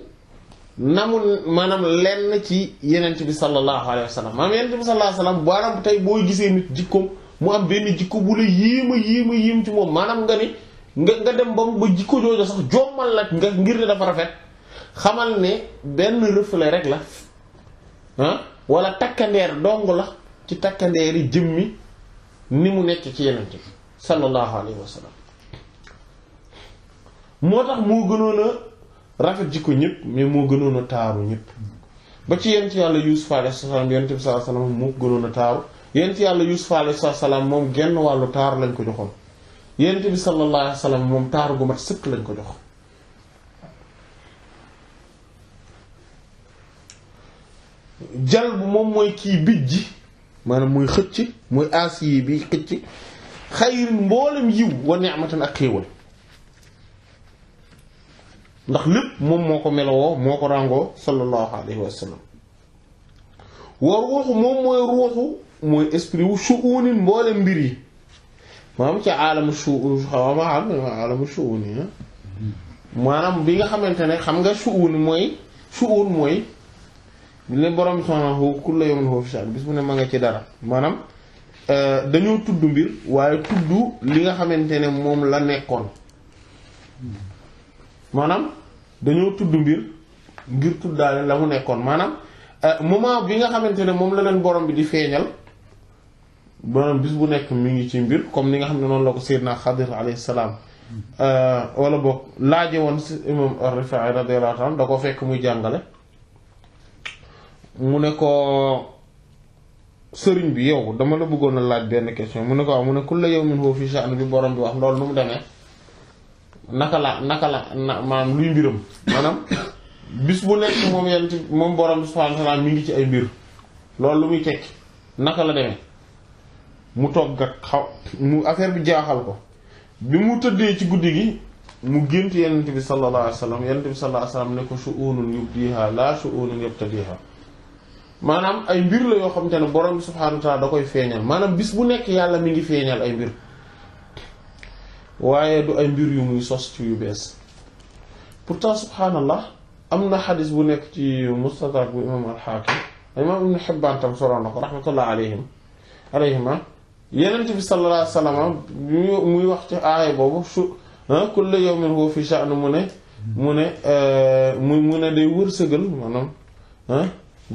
namu maanaam lenn ci yenent bi sallallahu alayhi wa sallam maanaam yenent bi sallallahu alayhi wa sallam tey boo gisee nit jikkoom mu am benn jikko bu la yéem a yéem ci moom maanaam nga ni nga nga dem ba ba jikko jooju sax jommal la nga ngir ne dafa rafet xamal ne benn reflet rek la ah wala takkandeer dong la ci takkandeeri jëmmi ni mu nekk ci yeneen bi sallallahu alayhi wa moo tax moo gënoon a rafet jikko ñëpp mais moo gënoon a taaru ñëpp ba ci yent yàlla Yuusuf alayhi salaam yonent bi sallallahu alayhi wa sallam moo gënoon a taaru yent yàlla Yuusuf alayhi salaam moom genn wàllu taar lañ ko joxoon yent bi sallallahu alayhi moom taaru gu mat sëkk lañ ko jox jal bu moom mooy kii bijji maanaam muy xëcc muy aasiyi bi xëcc xayrin mboolem yiw wa ni'matan ak xéewal ndax lépp moom moo ko melowoo moo ko ràngoo sallallahu alayhi wa sallam wa ruuxu moom mooy ruuxu mooy esprit wu shu'unin mboolem mbir yi maanaam ci aalamu shu xawama ah. mm-hmm. maanaam bi nga xamante ne xam nga shu'un mooy shu'un mooy li borom subhaanahu kulla yawmin huwa fi sha'n bis bu ne ma nga ci dara maanaam euh, dañoo tudd mbir waaye tudd li nga xamante ne moom la nekkoon maanaam dañoo tudd mbir ngir tuddaale la mu nekkoon maanaam euh, moment bi nga xamante ne moom la leen borom bi di feeñal borom bis bu nekk mi ngi ci mbir comme ni nga xam ne noonu la ko Seydina Xadir alayhi salaam euh, wala boog laajee woon si imam Rifaa'i radiyallahu anhu da ko fekk muy jàngale mu ne ko sëriñ bi yow dama la bëggoon a laaj benn question mu ne ko waaw mu ne kulla yawmin huwa fi sha'n bi borom bi wax loolu nu mu demee naka la naka la na maanaam luy mbiram maanaam bis bu nekk moom yent moom borom bi subhaanahu wa ta'aala mi ngi ci ay mbir lool lu muy tekki naka la demee mu togg ak xaw mu affaire bi jaaxal ko bi mu tëddee ci guddi gi mu gént yonent bi sallallahu alayhi wa sallam yonent bi sallallahu alayhi wa ne ko shu'uunun yubdiihaa laa shu'uunun yabtadiihaa maanaam ay mbir la yoo xamante ne borom bi subhaanahu da koy feeñal maanaam bis bu nekk yàlla mu ngi feeñal ay mbir waaye du ay mbir yu muy sos ci yu bees pourtant subhaanallah am na xadis bu nekk ci mustadrak bu imaam alxaakim imaam ibn Hibbaan tam soroon na ko rahmatullah alayhim alayhima yenent bi sallallahu alayhi wa sallam muy wax ci aaya boobu su kullu yawmin huwa fi sha'n mu ne mu ne eh, mu ne day wërsëgal maanaam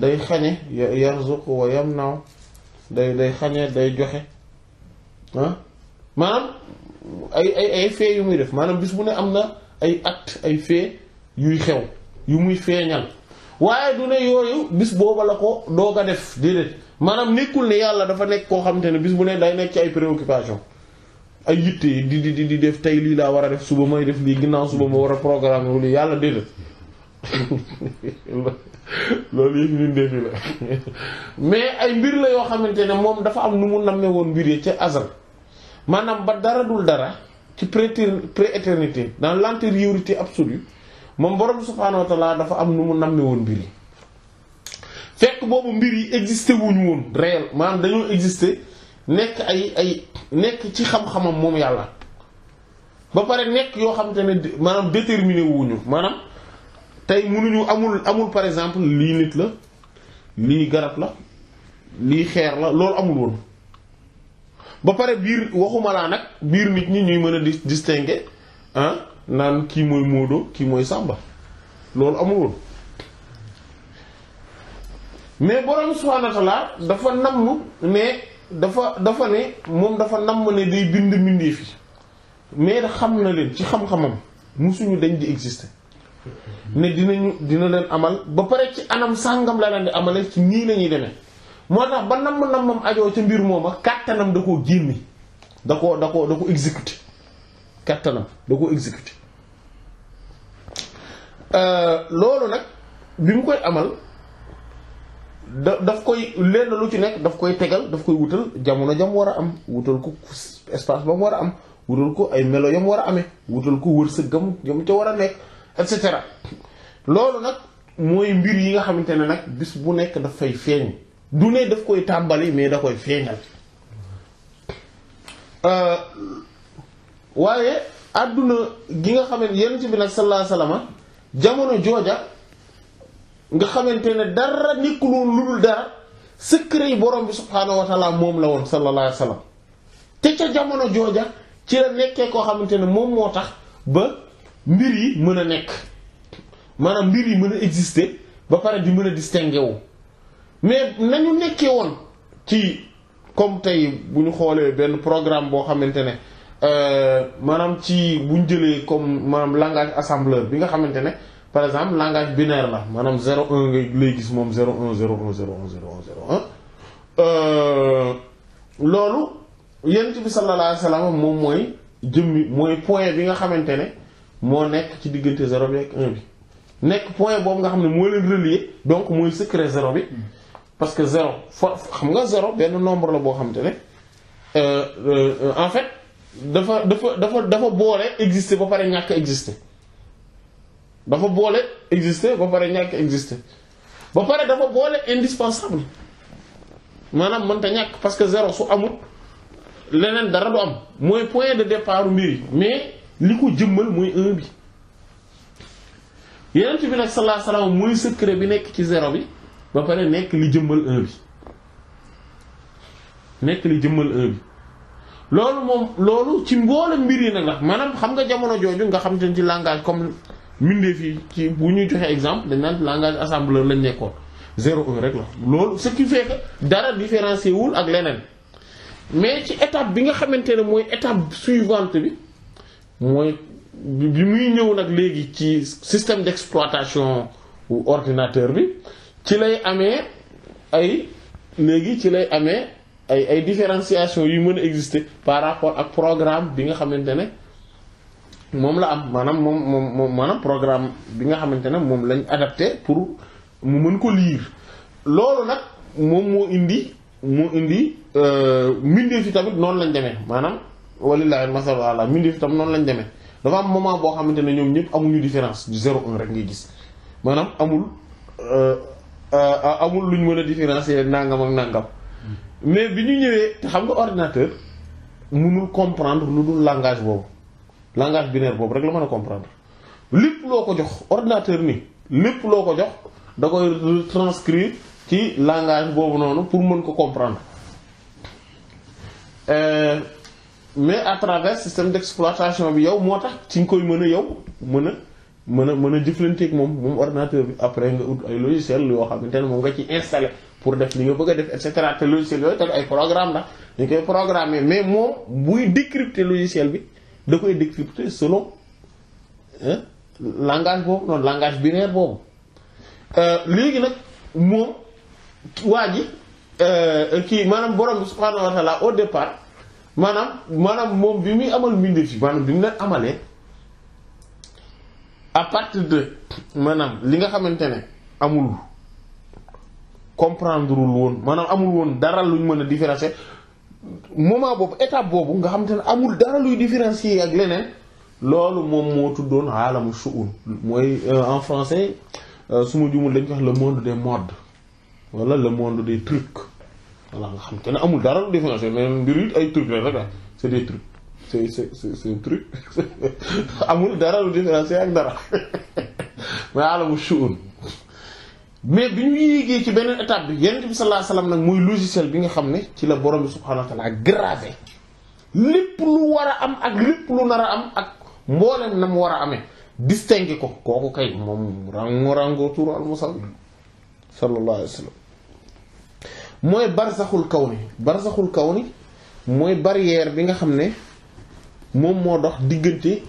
day xañe yarzuqu wa yamnaw day day xañe day joxe ah maanaam ay ay ay fee yu muy def maanaam bis bu ne am na ay at ay fee yuy xew yu muy feeñal waaye du ne yooyu bis booba la ko doog a def déedéet maanaam nekkul ne yàlla dafa nekk koo xamante ne bis bu ne day nekk ci ay préoccupation ay yitte di di di def tey lii laa war a def suba may def lii ginnaaw suba ma war a programme lii yàlla déedéet [LAUGHS] loolu yëpp ñun défi mais ay mbir la yoo xamante ne moom dafa am nu mu nammee woon mbir yi ca azal maanaam ba dara dara ci pré-éternité dans l'antériorité absolue moom borom subhaanahu dafa am nu mu nammee woon fekk boobu mbir yi existé wuñu woon réel dañoo existé nekk nekk ci xam-xamam moom yàlla ba pare nekk yoo xamante ne maanaam déterminé maanaam. tey munuñu amul amul par exemple lii nit la lii garab la lii xeer la loolu amul woon ba pare biir waxuma laa nag biir nit ñi ñuy mën a di distinguer ah naan kii mooy Moodo kii mooy Sàmba loolu amul woon mais borom subhaanahu wa ta'aala dafa nam ne dafa dafa ne moom dafa namm ne di bind mbindeef yi mais xam na leen ci xam-xamam mosuñu dañ di exister ne dinañu dina leen amal ba pare ci anam sàngam la leen di amale ci nii la ñuy demee moo tax ba namm nammam ajoo ca mbir mooma kàttanam da ko génne da koo da koo da ko exécuté kàttanam da ko exécuté euh, loolu nag bi mu koy amal da daf koy lenn lu ci nekk daf koy tegal daf koy wutal jamono jam war a am wutal ko espace ba war a am wutal ko ay melo yam war a amee wutal ko wërsëg gam yam ca war a nekk et cetera loolu nag mooy mbir yi nga xamante ne nag bis bu nekk daf fay feeñ du ne daf koy tàmbali mais da koy feeñal euh, waaye àdduna gi nga xamante yonent bi nag sallallahu alayhi wasallam jamono jooja nga xamante ne dara nekkul woon lu dul dara secret yi borom bi subhaanahu wa moom la woon sallallahu alayhi wasallam te ca jamono jooja ci la nekkee koo xamante ne moom moo tax ba mbir yi a manam mbir yi meuna exister ba mais nañu nekki won ci comme xolé programme bo xamantene euh, ci comme manam langage assembleur bi nga xamantene par exemple langage binaire la zéro 0 ngay lay gis zéro zéro euh, alayhi wasallam mom moy jëmmi moy point bi nga xamantene mo nek ci diggante zéro bi ak un bi nek point bobu nga xamné mo leen relier donc moy secret zéro bi hmm. parce que zéro xam nga zéro ben nombre la boo xamante euh, euh en fait dafa dafa dafa dafa boole exister ba paré ñak exister dafa bolé exister ba paré ñak exister ba paré dafa bolé indispensable manam mën ta ñak parce que zéro su amul lenen dara du am moy point de départ mbir yi mais li ko jëmmal mooy un bi yeneen bi nag sallallahu alayhi wasallam mooy secret bi nekk ci zéro bi ba pare nekk li jëmmal un bi nekk li jëmmal un bi loolu moom loolu ci mboolem mbir yi nag la maanaam xam nga jamono jooju nga xam te ne ci langage comme mbindeef yi ci bu ñuy joxe exemple dañ naan langage assembleur lañ nekkoon zéro un rek la loolu ce qui fait dara différencié wul ak leneen mais ci étape bi nga xamante ne mooy étape suivante bi mooy bi muy ñëw nag léegi ci système d'exploitation ordinateur bi ci lay amee ay léegi ci lay amee ay ay différenciation yu mën a existe par rapport ak programme bi nga xamante ne moom la am maanaam moom moom maanaam programme bi nga xamante ne moom lañ adapté pour mu mën ko liir loolu nag moom moo indi moo indi euh, mbindeef yi tamit noonu lañ demee maanaam walillahi masalu ala mbindeef tam noonu lañ demee dafa am moment boo xamante ne ñoom ñëpp amuñu différence du zéro un rek ngay gis maanaam amul euh, euh, euh, amul luñ mën a différencier nangam ak nangam mais bi ñu ñëwee te xam nga ordinateur mënul comprendre lu dul langage boobu langage binaire boobu rek la mën a comprendre lépp loo ko jox ordinateur ni lépp loo ko jox da koy retranscrire ci langage boobu noonu pour mën ko comprendre. mais à travers système d'exploitation bi yow motax ci nga koy mën yow meuna meuna meuna a mën a jëflanteeg ordinateur bi après nga out ay logiciel lo xamante mom nga ci installer pour def li nga bëgg def et cetera té logiciel yooyu té ay programme la ni koy programmer mais mom buy décrypter logiciel bi da koy décrypter selon hein, langage bob non langage binaire bob boobu euh, léegi nag moom waa ji euh, kii manam borom subhanahu wa taala au départ maanaam maanaam moom bi muy amal mbindeef yi maanaam bi mu leen amalee à partir de maanaam li nga xamante ne amul comprendrewul woon maanaam amul woon dara luñ mën a différencier moment boobu étape boobu nga xamante ne amul dara luy différencier ak leneen loolu moom moo tuddoon aalamu shu'un mooy euh, en français euh, su ma juumul dañ ko wax le monde des modes wala le monde des trucs voilà nga xam te ne amul dara définition mais mbir ay trucs la rek ah c'est des trucs c'est c'est c'est [LAUGHS] amul dara lu différencier ak dara mais [LAUGHS] alamu shu'un mais bi ñu yéegee ci beneen étape bi yonent bi sallallahu alayhi nag mooy logiciel bi nga xam ne ci la borom bi subhanahu wa ta'ala gravé lépp lu war a am ak lépp lu nar a am ak mboolem na mu war a amee distingué ko kooku kay moom rango rango turu al-Musawi sallallahu alayhi moy barzakhul kawni barzakhul kawni moy barrière bi nga xamné mom mo dox digënté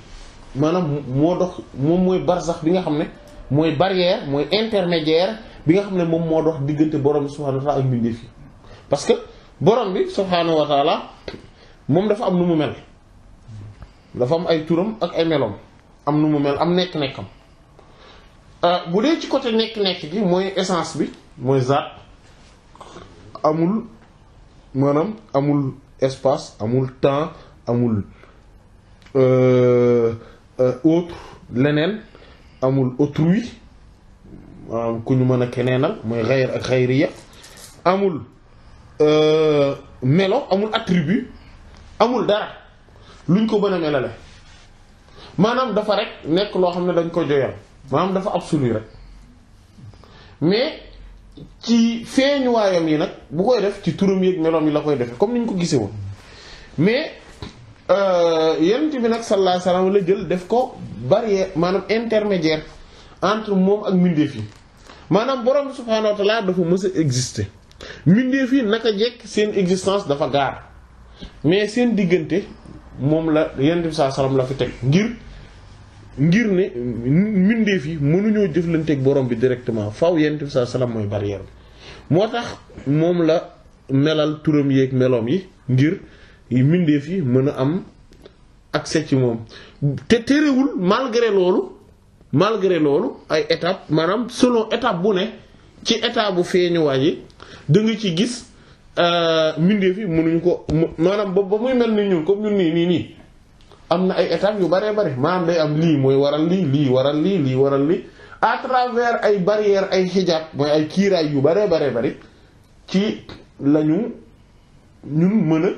manam mo dox mom moy barzakh bi nga xamné moy barrière moy intermédiaire bi nga xamné mom mo dox digënté borom subhanahu wa taala ak mbindeef fi parce que borom bi subhanahu wa taala mom dafa am numu mel dafa am ay turam ak ay melom am numu mel am nekk-nekkam bu dee ci cote nek nek gi moy essence bi moy zat amul manam amul espace amul temps amul euh autre lenen amul autrui manam kuñu ñu kenenal moy ghayr ak ghayriya amul euh melo amul attribut amul dara luñ ko mën melale manam dafa rek nek lo xamne dañ ko joyal manam dafa absolu rek mais ci feeñuwaayam yi nag bu koy def ci turam yeeg meloom yi la koy defee comme ni ñu ko gisee woon mais euh, yonent bi nag sallallahu alayhi wasallam la jël def ko barrière maanaam intermédiaire entre moom ak mbindeef yi maanaam borom subhaanahu wa ta'ala dafa mës a exister mbindeef yi naka jekk seen existence dafa gaar mais seen diggante moom la yonent bi sallallahu alayhi la fi teg ngir. ngir ne mbindeef yi mënuñoo jëflanteeg borom bi directement faw yonent bi sa alayhi mooy barrière moo tax moom la melal turam yéeg meloom yi ngir mbindeef yi mën a am accès ci moom te terewul malgré loolu malgré loolu ay étape maanaam solo étape bu ne ci état bu feeñuwaay yi da ci gis euh, mbindeef yi mënuñu ko maanaam ba ba muy mel ni ñun comme ñun nii nii nii am na ay étapes yu bëree bëri maanaam day am lii mooy waral lii lii waral lii lii waral lii à ay barrières ay hijab mooy ay kiiraay yu bëree bëree bëri ci lañu ñun mën a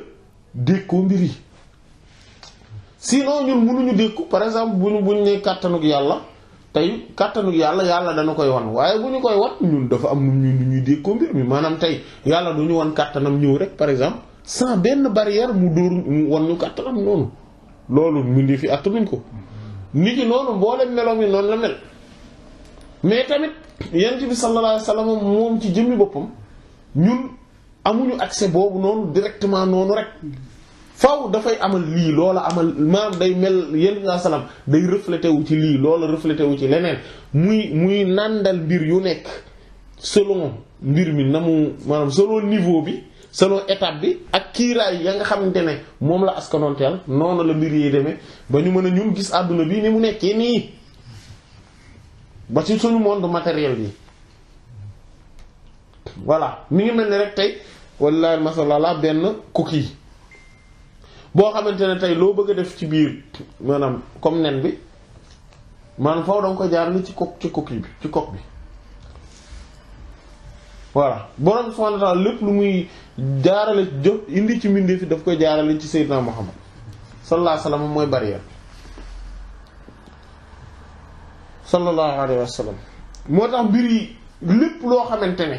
dékkoo mbir yi sinon ñun mënuñu dékku par exemple bu ñu bu ñu nee kàttanug yàlla tey kàttanug yàlla yàlla dana koy wan waaye bu ñu koy wan ñun dafa am nu ñu ñuy dékkoo mbir mi maanaam tey yàlla du ñu wan kàttanam ñëw rek par exemple sans benn barrière mu dóor mu wan ñu kàttanam loolu mbindee fi attanuñ ko nit ki noonu mboolem meloom yi noonu la mel mais tamit yent bi sallallahu moom ci jëmmi boppam ñun amuñu accès boobu noonu directement noonu rek faw dafay amal lii loola amal maanaam day mel yent bi sallam day reflété wu ci lii loola reflété ci leneen muy muy nàndal mbir yu nekk selon mbir mi na mu maanaam selon niveau bi selon étape bi ak kiiraay ya nga xamante ne moom la askanoonteel noonu la mbir yi demee ba ñu mën a ñun gis àdduna bi ni mu nekkee nii ba ci suñu monde matériel bi voilà mi ngi mel ni rek tey wallaahi masalala benn coquille boo xamante ne tey loo bëgg a def ci biir maanaam comme nen bi maanaam faw danga ko jaar ni ci coque ci coquille ci coque bi voilà borom subhanahu lépp lu muy jaarale jox indi ci mbindeef daf koy jaarale ci Seydina Muhammad sallallahu alayhi wa sallam mooy barrière sallallahu alayhi wa sallam moo tax mbir lépp loo xamante ne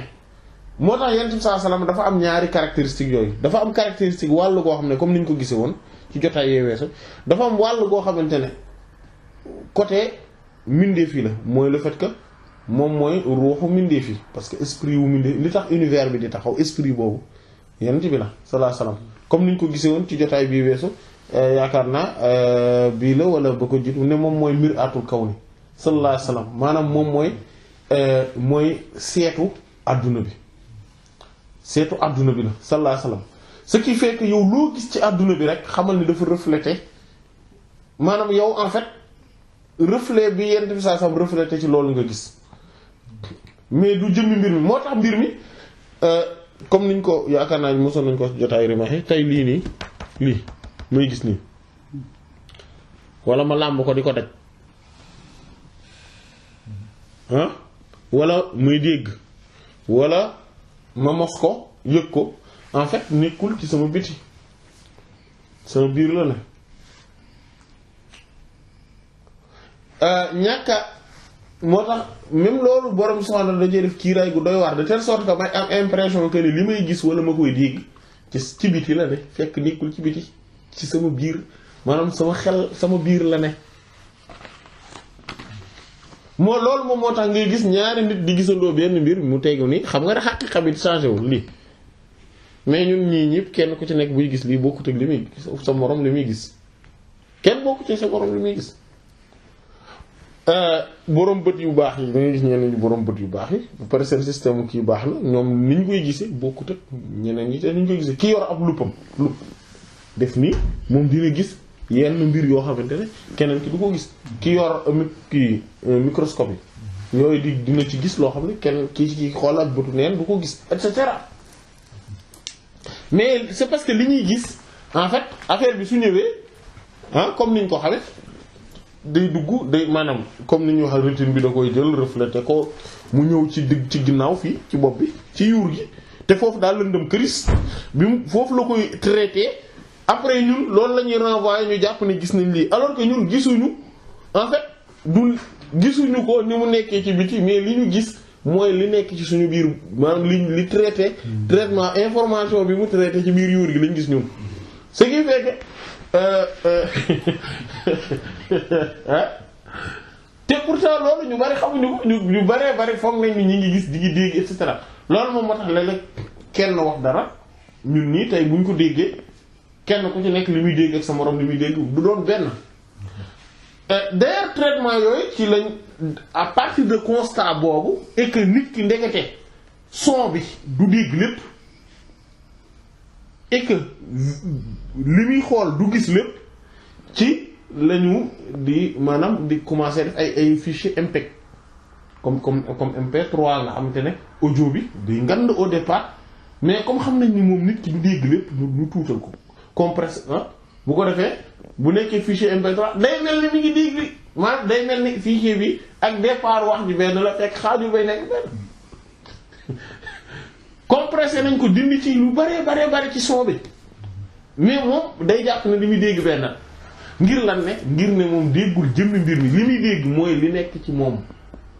moo tax yonent bi sallallahu alayhi dafa am ñaari caractéristiques yooyu dafa am caractéristique wàll goo xam ne comme ni ñu ko gisee woon ci jotaay yee weesu dafa am wàll goo xamante ne côté mbindeef yi la mooy le fait que. moom mooy ruuxu mbindeef yi parce que esprit wu mbindeef li tax univers bi di taxaw esprit boobu yent bi la salaa salaam comme ni ñu ko gisee woon ci jotaay bii weesu euh, yaakaar naa euh, bii la wala ba ko jiitu ne moom mooy mbir atul kaw ni salaa salaam maanaam moom mooy euh, mooy seetu àdduna bi seetu àdduna bi la salaa salaam ce qui fait yow loo gis ci àdduna bi rek xamal ni dafa refléter maanaam yow en fait reflet bi yonent bi saa sam refléter ci loolu nga gis. mais du jëmmi mbir mi moo tax mbir mi euh, comme niñ ko yaakaar naa mosoon nañ ko jotaay rimaxe tey lii nii lii may gis nii walla ma làmb ko di ko daj ah wala may dégg wala ma mos ko yëg ko en fait nekkul ci sama biti sama biir la ne euh, ñàkka moo tax même loolu borom subhaanahu wa ta'ala def kiiraay gu doy waar de telle sorte ka may am impression que ni li may gis wala ma koy dégg ci ci biti la ne fekk nikkul ci biti ci sama biir maanaam sama xel sama biir la ne. moo loolu moom moo tax ngay gis ñaari nit di gisandoo benn mbir mu tegu ni xam nga ne xàq xamit changé wul lii mais ñun ñii ñëpp kenn ku ci nekk buy gis lii bokkut ak li muy sa moroom li muy gis kenn bokkut ci sa morom li muy gis. Euh, borom bët yu baax yi dañuy gis ñeneen ñi borom bët yu baax yi ba pare seen système kii baax la ñoom ni ñu koy gisee bokkut ak ñeneen ñi te ni ñu koy gisee ki yor ab luppam lupp def nii moom dina gis yenn mbir yoo xamante ne keneen ki du ko gis ki yor euh, kii euh, microscope yi yooyu di dina ci gis loo xam ne keneen kii ci xool ak bëtu neen du ko gis et cetera mais c'est parce que li ñuy gis en fait affaire bi su ñëwee ah comme niñ ko xamee. day dugg day maanaam comme ni ñuy wax routine bi da koy jël reflété ko mu ñëw ci digg ci ginnaaw fii ci bopp bi ci yuur gi te foofu daal lëndëm këris bi mu foofu la koy traité après ñun loolu la ñuy renvoyé ñu jàpp ne gis nañ lii alors que ñun gisuñu en fait du gisuñu ko ni mu nekkee ci biti mais li ñu gis mooy li nekk ci suñu biir maanaam li li traité hmm. traitement information bi mu traité ci biir yuur gi lañ gis ñun ce qui fait Euh, euh. [LAUGHS] te pourtant loolu ñu bari xamuñu ko ñu baree bari foog nañ ni ñu ngi gis di ngi dégg et cetera loolu moom moo tax léeg-léeg kenn wax dara ñun nii tey buñ ko déggee kenn ku ci nekk li muy dégg ak sa moroom li muy dégg du doon benn euh, d'ailleurs traitement yooyu ci lañ à de constat boobu et que nit ki ndekete son bi du dégg lépp et li muy xool du gis lépp ci lañu di maanaam di commencer def ay ay fichier MP e comme comme comme MP3 e nga xamante ne audio bi di ngand au départ mais comme xam nañ ni moom nit ki du dégg lépp ñu tuutal ko compresse bu ko defee bu nekkee fichier MP3 e day mel ni mi ngi dégg li maanaam day mel ni fichier bi ak départ wax ji benn la fekk xaaju bay nekk benn [LAUGHS] compressé nañ ko dind ci lu bare bare bare ci son bi mais moom day jàpp na li muy dégg benn ngir lan ne ngir ne moom déggul jëmmi mbir mi li muy dégg mooy li nekk ci moom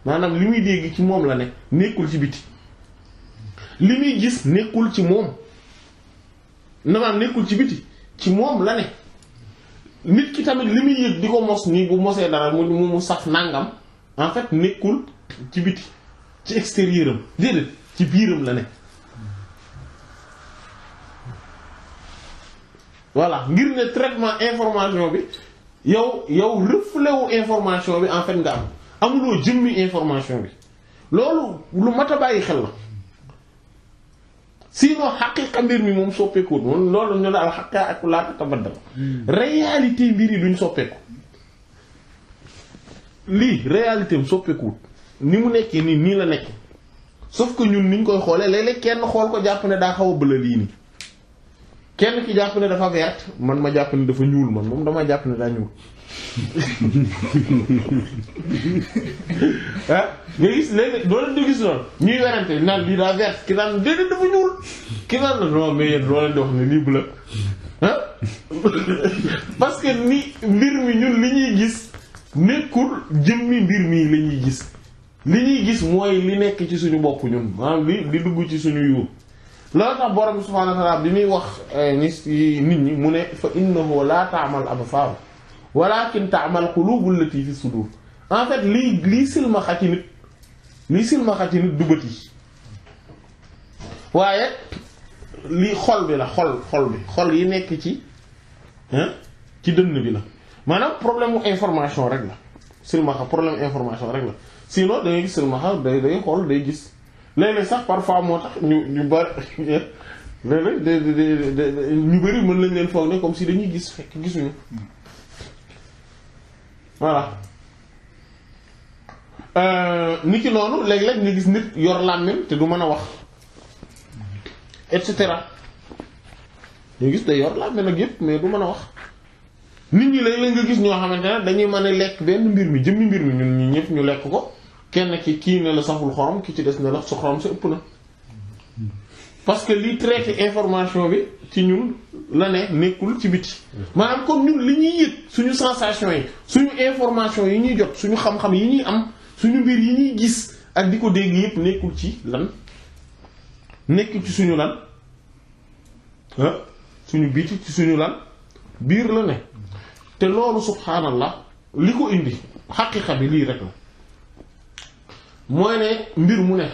maanaam li muy dégg ci moom la ne nekkul ci biti li muy gis nekkul ci moom namaam nekkul ci biti ci moom la ne nit ki tamit li muy yëg di ko mos nii bu mosee dara mu mu saf nangam en fait nekkul ci biti ci extérieur déedéet ci biiram la ne voilà ngir ne traitement information bi yow yow reflet wu information bi en fait nga am amuloo jëmmi information bi loolu lu mat a bàyyi xel la sinon xaqiqa mbir mi moom soppeekuwul moom loolu ñu ne al xaqiqa ak laa tatabaddal hmm. réalité mbir yi duñ soppeeku lii réalité am soppeekuwul ni mu nekkee nii nii la nekk sauf que ñun niñ koy xoolee léeg-léeg kenn xool ko jàpp ne daa xaw a bëla lii nii kenn ki jàpp ne dafa vert man ma jàpp ne dafa ñuul man moom dama jàpp ne daa ñuul [LAUGHS] ah nga gis léegi doo gis noonu ñuy werante naan lii daa vert ki naan déedéet dafa ñuul ki naan la non mais yéen doo leen di wax ne nii bu la ah [LAUGHS] parce que ni mbir mi ñun li ñuy gis nekkul jëmmi mbir mi la gis li ñuy gis mooy li nekk ci suñu bopp ñun maanaam li li dugg ci suñu yu loolu tax borom bi subhaanahu wa bi muy wax eh, ni nit ñi mu ne fa innahu laa ta'mal absaar walakin ta'mal quluubu llatii fi suduur en fait lii lii silmaxa ci nit lii silmaxa ci nit dubat yi waaye lii xol bi la xol xol bi xol yi nekk ci ci dënn bi la maanaam problème information rek la silmaxa problème information rek la sinon da ngay gis silmaxa day day xool day gis léeg-léeg sax parfois moo tax ñu ñu bari léeg-léeg de mën lañ leen foog ne comme si dañuy gis fekk gisuñu voilà euh, ni ki noonu léeg-léeg nga gis nit yor làmmiñ te du mën a wax et cetera ñu gis day yor làmmiñ ak yépp mais du mën a wax nit ñi léeg-léeg nga gis ñoo xamante ne dañuy mën lekk benn mbir mi jëmmi mbir mi ñun ñi ñu lekk ko kenn ki kii ne la saful xorom ki ci des ne la sa xorom si ëpp na parce que li traité information bi ci ñun la ne nekkul ci biti maanaam kon ñun li ñuy yëg suñu sensation yi suñu information yi ñuy jot suñu xam-xam yi ñuy am suñu mbir yi ñuy gis ak di ko dégg yépp nekkul ci lan nekkul ci suñu lan suñu biti ci suñu lan biir la ne te loolu subhaanallah li ko indi xaqiqa bi lii rek la mooy ne mbir mu ne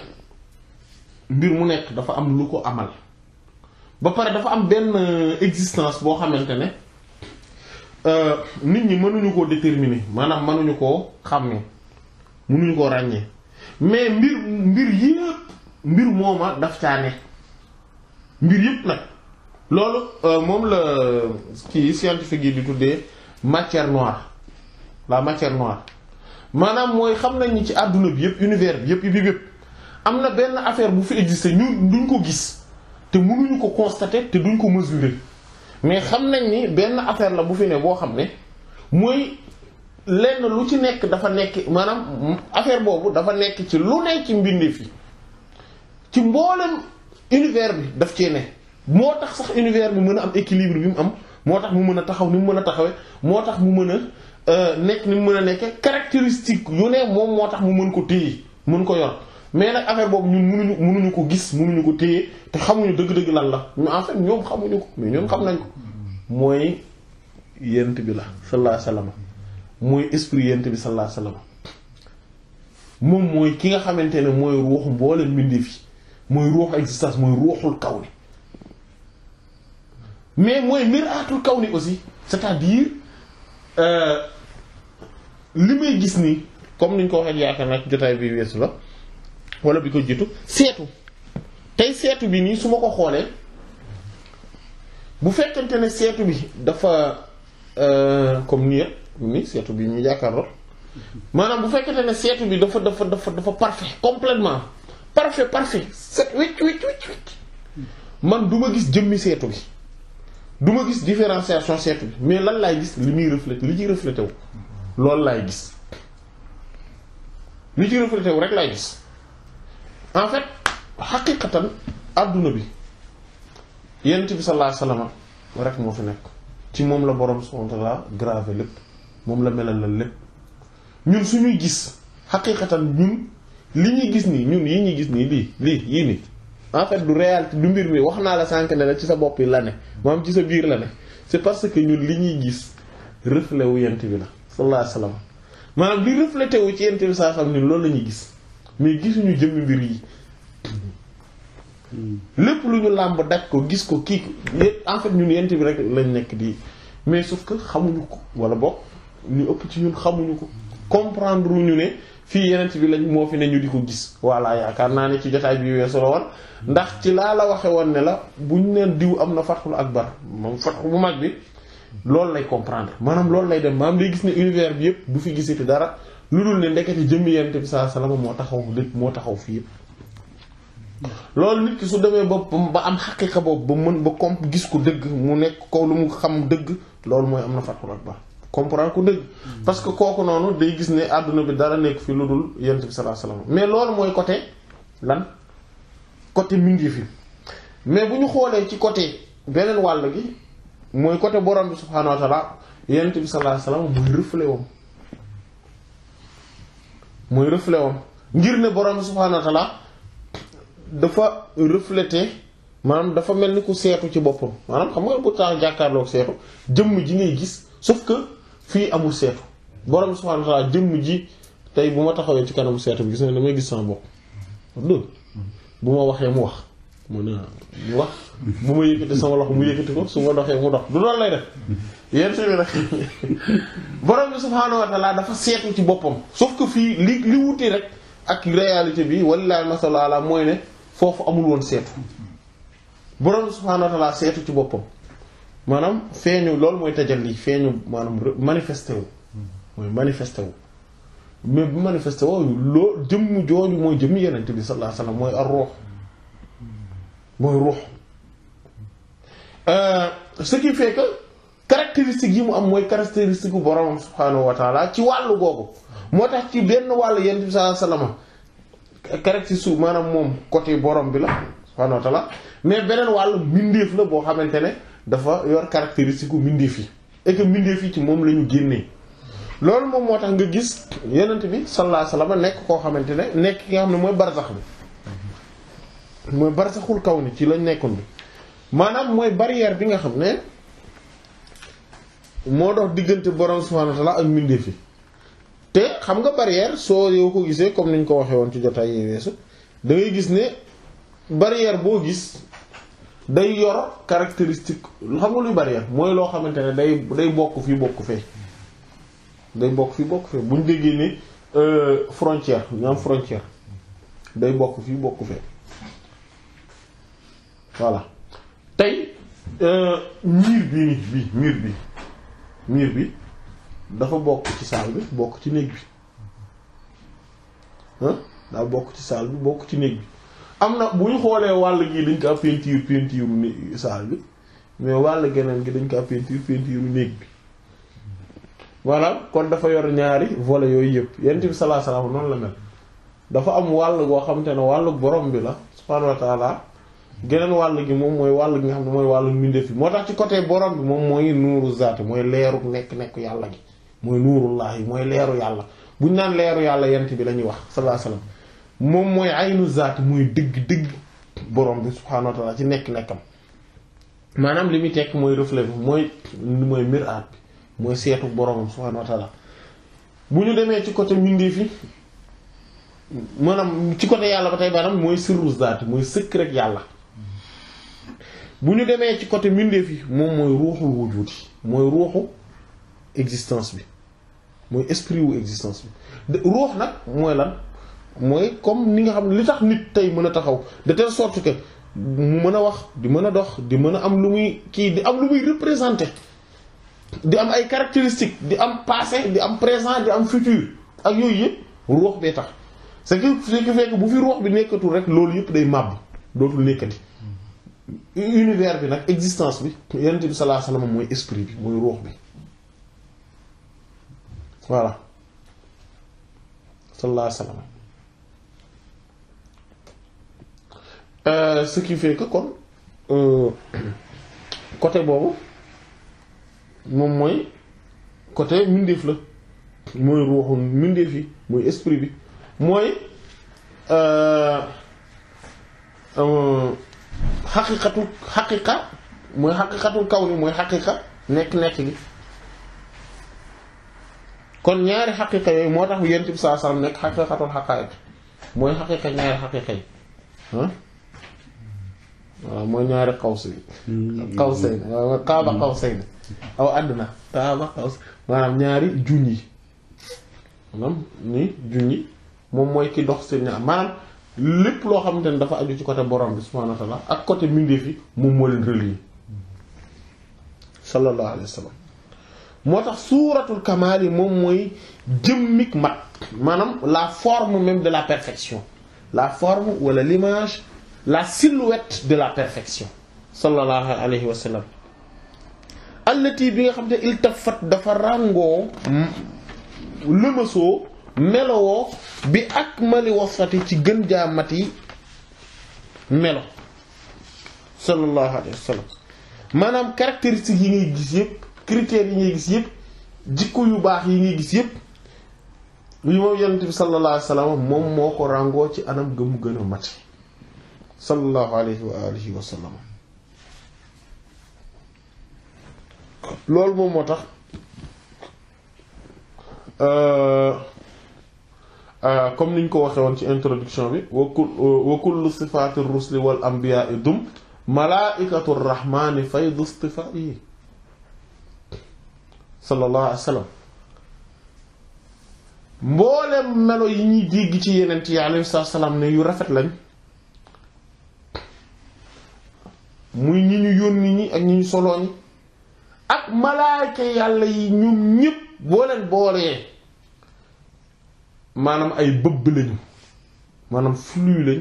mbir mu nekk dafa am lu ko amal ba pare dafa am benn euh, existence boo xamante ne euh, nit ñi mënuñu koo déterminer maanaam mënuñu koo xam ne mënuñu koo ràññee mais mbir mbir yépp mbir mooma daf caa ne mbir yépp nag loolu euh, moom la kii scientifique yi di tuddee matière noire la matière noire maanaam mooy xam nañ ni ci àdduna bi yëpp univers bi yëpp yëpp yëpp am na benn affaire bu fi exister ñu duñ ko gis te mënuñu ko constater te duñ ko mesurer mais xam nañ ni benn affaire la bu fi ne boo xam ne mooy lenn lu ci nekk dafa nekk maanaam affaire boobu dafa nekk ci lu ne ci mbindeef yi ci mboolem univers bi daf cee ne moo tax sax univers bi mën a am équilibre bi mu am moo tax mu mën a taxaw ni mu mën a taxawee moo tax mu mën a. Euh, nekk ni mu mën a nekke caractéristique yu ne moom moo tax mu mën ko téye mën ko yor mais nag affaire boobu ñun mënuñu mënuñu ko gis mënuñu ko téye te xamuñu dëgg-dëgg lan la ñu en fait ñoom xamuñu ko mais ñoom xam nañ ko mooy yent bi la sallallahu alayhi wasallam mooy esprit yent bi sallallahu alayhi wasallam moom mooy ki nga xamante ne mooy ruuxu mboolem mbindeef yi mooy ruuxu existence mooy ruuxul kaw ni mais mooy miraatul kaw ni aussi cest à euh, limay gisni gis ni comme niñ ko waxee yaakaar naa ci bi wessu la wala bi ko setu tay setu bi ni suma ko xolé bu fekkante ne setu bi dafa euh, comme nii ni bi ñu jàkkaarloo maanaam bu fekkante ne setu bi dafa dafa dafa dafa parfait complètement parfait parfait set wit wit wit wit man duma gis jëmmi setu bi duma gis différenciation setu bi mais lan lay gis limi reflet li ci refleté wu loolu laay gis li ci reflété wu rek laay gis en fait xaqiqatan adduna bi yent bi sallallahu alayhi wasallam rek moo fi nekk ci moom la boroom subhanahu wa ta'ala gravé lépp moom la melal la lépp ñun suñuy gis xaqiqatan ñun li ñuy gis nii ñun yi ñuy gis nii lii lii yii nii en fait du réalité du mbir mi wax naa la sànq ne la ci sa bopp yi la ne moom ci sa biir la ne c'est parce que ñun li ñuy gis reflet wu yent bi la sallallahu alayhi wa sallam maanaam di reflété wu ci yonent bi saa xam wa ni loolu la ñuy gis mais gisuñu jëmmi mbir yi lépp lu ñu làmb daj ko gis ko kii en fait ñun yonent bi rek lañ nekk di mais sauf que xamuñu ko wala bokk ñu ëpp ci ñun xamuñu ko comprendre ñu ne fii yenent bi lañ moo fi ne ñu di ko gis voilà yaakaar naa ne ci jotaay bi weesu la woon ndax ci laa la waxe woon ne la buñ neen diw am na fatxul akbar moom fatxu bu mag bi loolu lay comprendre maanaam loolu lay dem maanaam day gis ne univers bi yëpp du fi gisati dara lu dul ne ndekete jëmmi yonent bi sallallahu moo taxaw lépp moo taxaw fii yëpp. loolu nit ki su demee ba ba am xaqiqa boobu ba mën ba comp gis ko dëgg mu nekk koo lu mu xam dëgg loolu mooy am na fatul ba comprendre ko dëgg hmm. parce que kooku noonu day gis ne àdduna bi dara nekk fii lu dul yonent bi sallallahu mais loolu mooy côté lan côté mi ngi fi mais bu ñu xoolee ci côté beneen wàll gi mooy côté borom bi subhaanahu wa taala yonent bi sallallahu alayhi wa sallam mooy reflet mooy reflet ngir ne borom bi subhaanahu wa dafa refléter maanaam dafa mel ni ku seetu ci boppam maanaam xam nga bu tax jàkkaarloog seetu jëmm ji ngay gis sauf que fii amul seetu borom bi subhaanahu wa taala ji tey bu ma taxawee ci kanamu seetu bi gis na damay gis sama bopp bu ma waxee mu wax mën a mu wax bu ma yëkkati sama loxo mu yëkkati ko su ma doxee mu dox du loolu lay def yenn bi nag [LAUGHS] borom bi subhaanahu wa dafa seetu ci boppam sauf ko fii li li wuti rek ak réalité bi wallaahi laa mooy ne foofu amul woon seetu borom bi subhaanahu wa seetu ci boppam maanaam feeñu loolu mooy tajal lii feeñu maanaam manifesté wu mooy manifesté wu mais bu manifesté wu loo jëmm jooju mooy jëmm yenente bi sallallahu alayhi wasallam mooy ar mooy ruux euh, ce qui fait que caractéristique yi mu am mooy caractéristique bu boroomam subhaanahu wa ci wàllu googu moo tax ci benn wàll yonent bi sallallahu alayhi wasallam caractéristique maanaam moom côté borom bi la subhaanahu wa mais beneen wàll mbindeef la boo xamante ne dafa yor caractéristique u mbindeef yi et que mbindeef yi ci moom la ñu génnee loolu moom moo tax nga gis yonent bi sa alayhi wasallam nekk koo xamante ne nekk ki nga xam ne mooy barzax bi mooy barsaxul kaw ni ci lañ nekkoon bi maanaam mooy barrière bi nga xam ne moo dox diggante borom subhaanahu wa ta'aala ak mbindeef yi te xam nga barrière soo yow ko gisee comme niñ ko waxee woon ci jotaay yi weesu da ngay gis ne barrière boo gis day yor caractéristique xam nga luy barrière mooy loo xamante ne day day bokk fii bokk fee day bokk fii bokk fee bu ñu déggee ni euh, frontière ñu am frontière day bokk fii bokk fee voilà tey euh, miir bi bi miir bi miir bi dafa bokk ci saal bi bokk ci néeg bi daa bokk ci saal bi bokk ci néeg bi am na bu xoolee wàll gi dañ ko peinture peinture ni saal bi mais wàll geneen gi dañ ko peinture peinture néeg bi maanaam kon dafa yor ñaari volets yooyu yëpp yent bi sallallahu alayhi wasallam noonu la mel dafa am wàll goo xamante ne wàllu borom bi la subhanahu wa geneen wàll gi moom mooy wàll gi nga xam ne mooy wàllu mbindeef yi moo tax ci côté borom bi moom mooy nuuru zaati mooy leeru nekk nekku yàlla gi mooy nuurullaah yi mooy leeru yàlla buñ naan leeru yàlla yent bi la ñuy wax sallallahu moom mooy aynu zaati mooy dëgg borom bi subhaanahu wa ci nekk-nekkam maanaam li muy tekk mooy reflet bi mooy mooy miraat mooy seetu boromam subhaanahu wa ta'ala demee ci côté mbindeef yi maanaam ci côté yàlla ba tey mooy sirru zaati mooy sëkk rek yàlla Si vous ci côté mindé fi existence bi esprit wu existence bi ruh nak moy lan comme ni nga xam li tax nit taxaw de telle sorte que mu de wax di de dox di am représenter di caractéristiques di am passé di am présent di futur ak ce bu fi ruh bi nekatu rek yëpp day dootul univers bi nak existence bi un bi sallallahu alayhi esprit voilà sallallahu alayhi euh, ce qui fait que kon euh, côté moi, mom côté mindef la moy moi des esprit bi euh, xaqiqatu xaqiqa mooy xaqiqatul kaw ni mooy xaqiqa nekk-nekk gi kon ñaari xaqiqa yooyu moo tax yent bi saa sallam nekk xaqiqatul xaqaa'iq mooy xaqiqa ñaari xaqiqa yi ah. waaw mooy ñaari xawsi xawsayni waaw kaaba xawsayni aw àdduna kaaba xaws maanaam ñaari juñ yi maanaam ni juñ yi moom mooy ki dox seen maanaam lépp lo xamantene dafa aju ci côté borom bi subhanahu wa taala ak côté mbindeef fi mom mo len relie sallallahu alayhi wasallam motax suratul kamal mom moy jëmmik mat manam la forme même de la perfection la forme wala l'image la silhouette de la perfection sallallahu alayhi wasallam allati bi nga xamantene il tafat dafa rango le meso melowoo bi ak mali ci gën jaa mat yi melo sallallahu alayhi wa sallam maanaam caractéristiques yi ngay gis yëpp critères yi ngay gis yëpp jikko yu baax yi ngay gis yëpp yu moom yonent bi sallallahu alayhi wa moom moo ko ràngoo ci anam ga mu gën a mat sallallahu alayhi wa alihi loolu moom moo tax euh, comme niñ ko waxe won ci introduction bi wa kullu ar-rusul wal anbiya dum malaikatu ar-rahman faydu istifa'i sallallahu alayhi wasallam mbolé melo yi ñi dig ci yenent yi alayhi salaam ne yu rafet lañ muy ñi ñu yónni ñi ak ñi ñu soloo ñi ak malaika yàlla yi ñoom ñep bo len boolee maanaam ay bëbb lañu maanaam flux lañ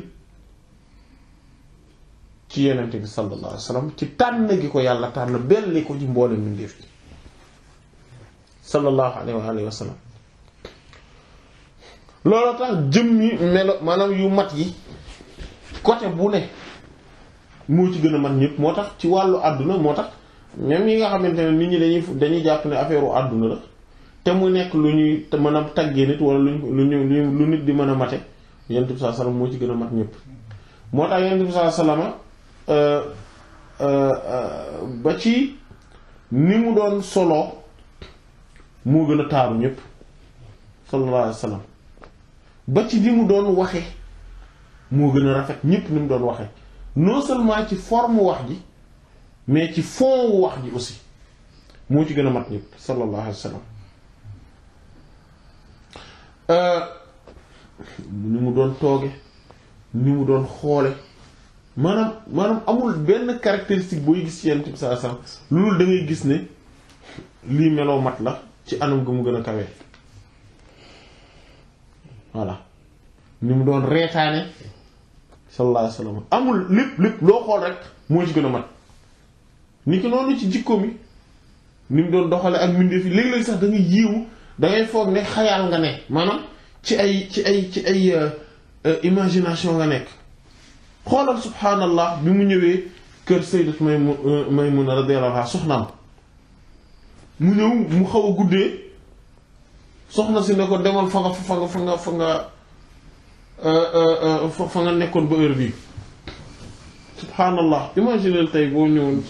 ci yenente bi sallallahu alayhi wasallam ci tànn gi ko yàlla tànn belli ko ci mboole mbindeef yi sallallahu alayhi wa alihi wa sallam loolu tax jëm yi melo maanaam yu mat yi côté bu ne moo ci gën a mat ñëpp moo tax ci wàllu àdduna moo tax même yi nga xamante ne nit ñi dañuy dañuy jàpp ne affaire u àdduna la te mu nekk lu ñuy mën a taggee nit wala lu ñu lu nit di mën a mate yonent bi sallallahu alayhi moo ci gën a mat ñëpp moo tax yonent bi euh, euh, ba ci ni mu doon solo moo a taaru ñëpp sallallahu alayhi wasallam ba ci ni mu doon waxe moo gën a rafet ñëpp ni mu doon waxe non seulement ci forme wax ji mais ci fond wax ji aussi moo ci gën a mat ñëpp sallallahu alayhi wasallam Euh, ni mu doon tooge ni mu doon xoole maanaam maanaam amul benn caractéristique booy gis ci yonent bi saa saam loolu da gis ne lii meloo mat la ci anam gi mu gën a kawee voilà ni mu doon reetaane sallallahu alayhi wasallam amul lépp lépp loo xool rek moo ci gën a mat ni ki noonu ci jikkoom yi ni mu doon doxale ak mbindeef yi léegi-léegi sax da nga da ngay fogg ne xayal nga nek manam ci ay ci ay ci ay imagination nga nek xoolal subhanallah bi mu ñewé keur sayyidat Maymuna radhiyallahu anha soxnam mu ñëw mu xawa guddé soxna ci nako demal fa nga fa nga fa nga euh euh fa nga nekkon ba heure bi subhanallah imagineel tay bo ñewon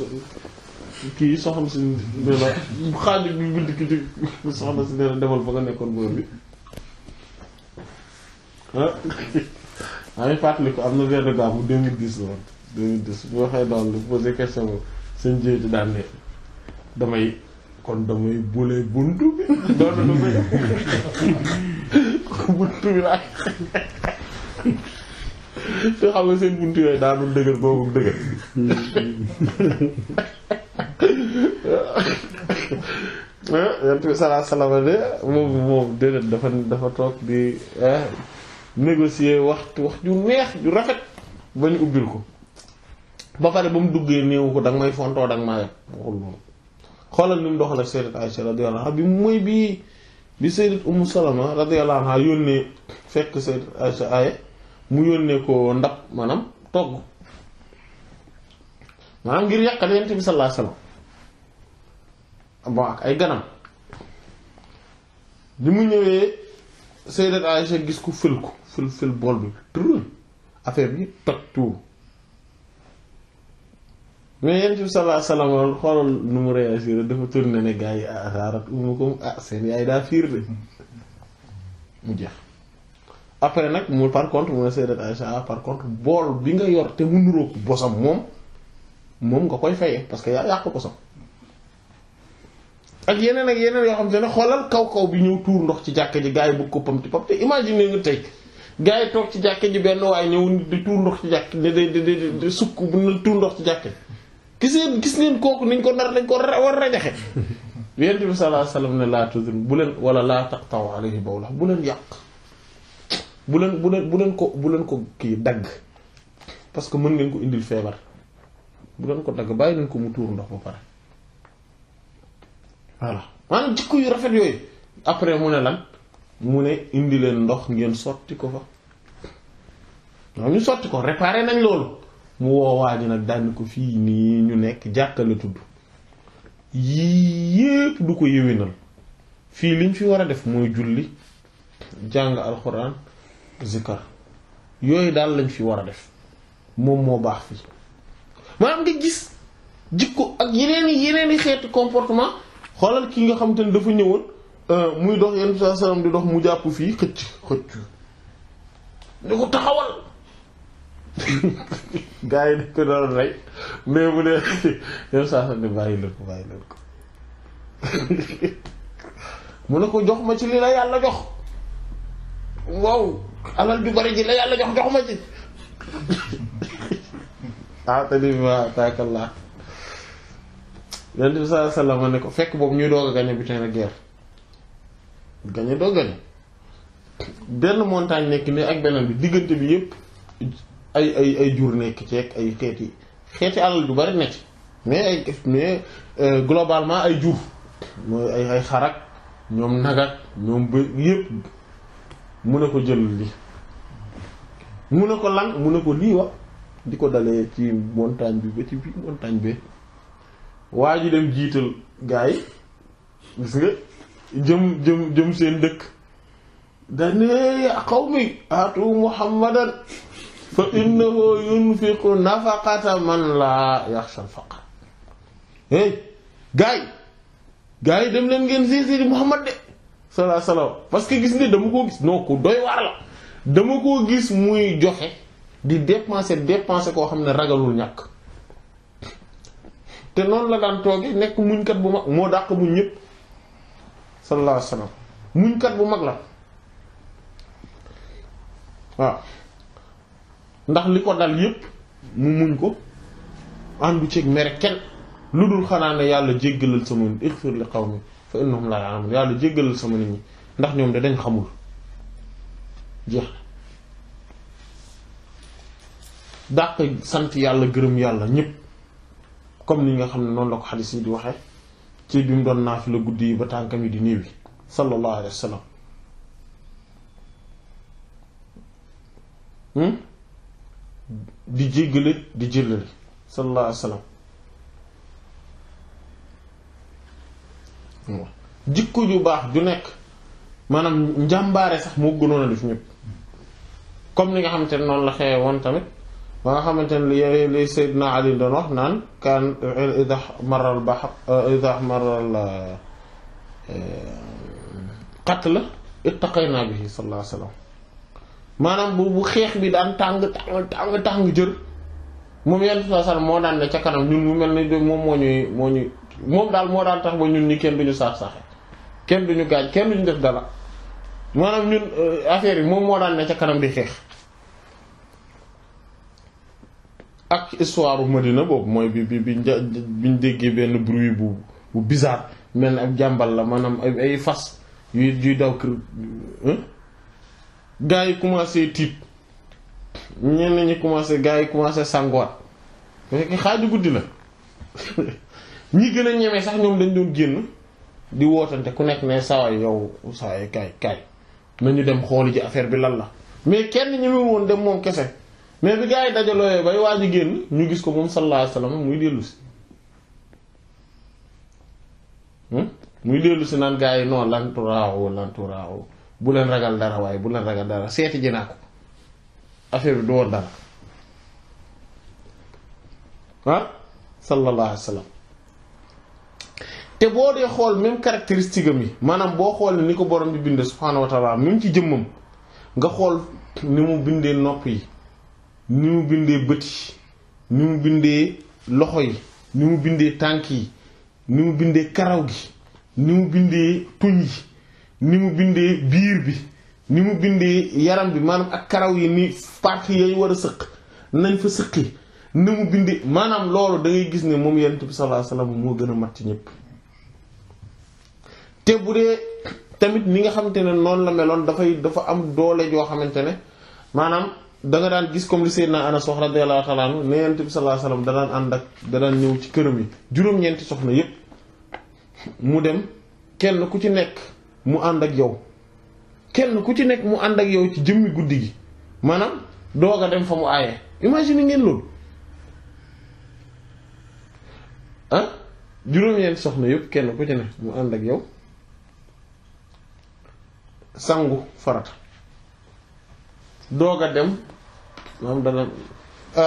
kii soxna si nee na bi guddi ki di soxna si nee demal ba nga nekkoon góor bi ah [LAUGHS] maa ngi fàttali ko am na benn gaa bu 2010 la woon 2010 bu waxee daal lu posé question boobu seen jéeti daan ne damay kon damay bulee buntu bi [LAUGHS] doona damay [LAUGHS] buntu bi laay te xam nga seen buntu yooyu daanul dëgër boobu dëgër yonent eh, bi sala salaam de moom moom déedéet dafa dafa tok di eh, négocier wax wax ju neex ju rafet bañ ubbil ko ba pare bam duggé duggee ko dang may fonto dang may yëpp waxul moom xoolal doxal ak sayyidat aisha radhiyallahu anha bi moy bi bi sayyidat um Salama radhiyallahu anha yónnee fekk sayyidat aisha ay mu yónnee ko ndap manam tok maanaam ngir yàqal yentibi sallallahu alayhi wasallam bon ak ay ganam bi mu ñëwee Sayyidat Aïcha gis ko fël ko fël fël bool bi tërël affaire bi toj tuur mais yéen ci sallallahu alayhi xoolal nu mu réagir dafa tourné ne gars yi ah asaarat ah, umukum ah seen yaay daa fiir de mu jeex après nag mu par contre mu ne Sayyidat Aïcha ah, par contre bool bi nga yor te mu nuroog bosam moom moom nga koy fayee parce yaa yàq bosam ak yeneen ak yeneen yoo xam te ne xoolal kaw kaw bi ñëw tuur ndox ci jàkka ji gars yi bëgg ko pamti pam te imagine nga tey gars yi toog ci jàkka ji benn waaye ñëw nit di tuur ndox ci jàkka di sukk bu tuur ndox ci jàkka ji gis ngeen gis ngeen kooku ko nar lañ ko war rajaxe [LAUGHS] yonent bi sallallahu alayhi wasallam ne laa tuzun bu leen wala laa taqta'u alayhi bawla bu leen yàq bu leen bu leen bu leen ko bu leen ko kii dagg parce que mën ngeen ko indil feebar bu leen ko dagg bàyyi leen ko mu tuur ndox ba pare voilà maanaam jikko yu rafet yooyu après mu ne lan mu ne indi leen ndox ngeen sotti ko fa waaw ñu sotti ko repare nañ loolu mu woowaa ji nag daan ko fii nii ñu nekk jàkkale tudd yii yépp du ko yéwénal fii liñ fi war a def mooy julli jàng alxuraan zikar yooyu daal lañ fi war a def moom moo baax fii maanaam nga gis jikko ak yeneen yeneen i xeetu comportement xoolal ki nga xam te dafa ñëwoon euh, muy dox yenn saa di dox mu jàpp fii xëcc xëcc ni ko taxawal [LAUGHS] gaa yi dañ ko doon rey mais bu dee [LAUGHS] yenn saa di bàyyi leen ko bàyyi leen ko [LAUGHS] mu ne ko jox ma ci li la yàlla jox waaw alal ju bari ji la yàlla jox jox ma ci ah tali bi waaw yonent bi sallallahu alayhi wasallam ko fekk boobu ñuy doog a gagné butin de guerre gagné doog gagné benn montagne nekk ne ak beneen bi diggante bi yépp ay ay ay jur nekk ceeg ay xeet xeeti alal du bari nekk mais ay mais euh, globalement ay jur mooy ay ay xarak ñoom nagat ñoom ba yépp mun a ko jël li mu a ko lan mun a ko lii wax di ko dalee ci montagne bi ba ci bi montagne bi waa ji dem jiital gaa gis nga jëm jëm jëm seen dëkk dane ya qawmi atu muhammadan fa innahu yunfiqu nafaqata man laa yaxsha al faqr hey gaa yi dem leen ngeen si si muhammad de salaa salaam parce que gis nga dama koo gis non ku doy waar la dama koo gis muy joxe di dépenser dépenser koo xam ne ragalul ñàkk te noonu la daan tooge nekk muñkat bu mag moo dàq muñ ñëpp sallallahu alayhi muñkat bu mag la waaw ndax li ko dal yépp mu muñ ko àndu ceeg mere kenn lu dul xanaa ne yàlla jéggalal sama nit ighfir li qawmi fa innahum la ya'lamun yàlla jéggalal sama nit ñi ndax ñoom de dañ xamul jeex dàq sant yàlla gërëm yàlla ñépp comme ni nga xam ne noonu la ko xadis yi di waxee ci bi mu doon naafila guddi yi ba tànkam yi di néew yi sallallahu alayhi wa hmm? di jéggale di jëllale sallallahu alayhi wa sallam jikko ju baax ju nekk maanaam njàmbaare sax moo gënoon a def ñëpp comme ni nga xamante ne noonu la xewe woon tamit ba nga xamante ne li sayyidna Ali don wax naan kaan idax maral bax idax maral qatl ittaqayna bihi sallallahu alayhi wasallam manam bu bu xex bi dan tàng tàng tàng tàng jër moom yenn saa sal moo daan ne ca kanam ñun mu mel ni moom moo ñuy mo ñuy mom dal mo dal tax ba ñun ñi kenn duñu sax saaxe kenn duñu gaañ kenn duñu def dara manam ñun affaire yi mom mo dan ne ca kanam di xex ak ma Madina boobu mooy bi bi bi biñ déggee benn bruit bu bu bizarre mel na ak jàmbal la maanaam ay ay fas yuy yuy daw kër gaa yi commencé tiit ñenn ñi commencé gaa yi commencé sangoot parce que xaaju guddi la [LAUGHS] ñi gën a ñemee sax ñoom dañ doon génn di wootante ku nekk ne sawaay yow sawaay kaay kaay nañu dem xooli ji affaire bi lan la mais kenn ñemewul woon dem moom kese. mais bi gars yi dajaloo bay waaj génn ñu gis ko moom sallallahu alayhi wasallam muy dellu hmm? muy dellu si naan gars yi non lan turaaw lan turaaw bu leen ragal dara waaye bu leen ragal dara seeti ji naa ko affaire bi du woon dara ah sallallahu alayhi te boo dee xool même caractéristique am yi maanaam boo xool ni ko borom bi bind subhaanahu wa taala même ci jëmmam nga xool ni mu bindee nopp yi ni mu bindee bët yi ni mu bindee loxo yi ni mu bindee tànk yi ni mu bindee karaw gi ni mu bindee tuñ yi ni mu bindee biir bi ni mu bindee yaram bi maanaam ak karaw yi ni partie yooyu war a sëq nañ fa sëqi ni mu bindee maanaam loolu da gis ne moom yent bi sallallahu alayhi moo gën a mat ci ñëpp te bu dee tamit ni nga xamante ne noonu la meloon dafay dafa am doole joo xamante ne maanaam da nga daan gis comme li Seydina Anas wax radiyallahu ta'ala anhu ne Yonent bi sallallahu alayhi wasallam da daan ànd ak da daan ñëw ci këram yi juróom-ñeenti soxna yépp mu dem kenn ku ci nekk mu ànd ak yow kenn ku ci nekk mu ànd ak yow jëmmi guddi gi maanaam doog a dem fa mu aaye imagine ngeen loolu ah juróom-ñeenti soxna yépp kenn ku ci nekk mu ànd ak yow sangu farata doog dem maanaam dana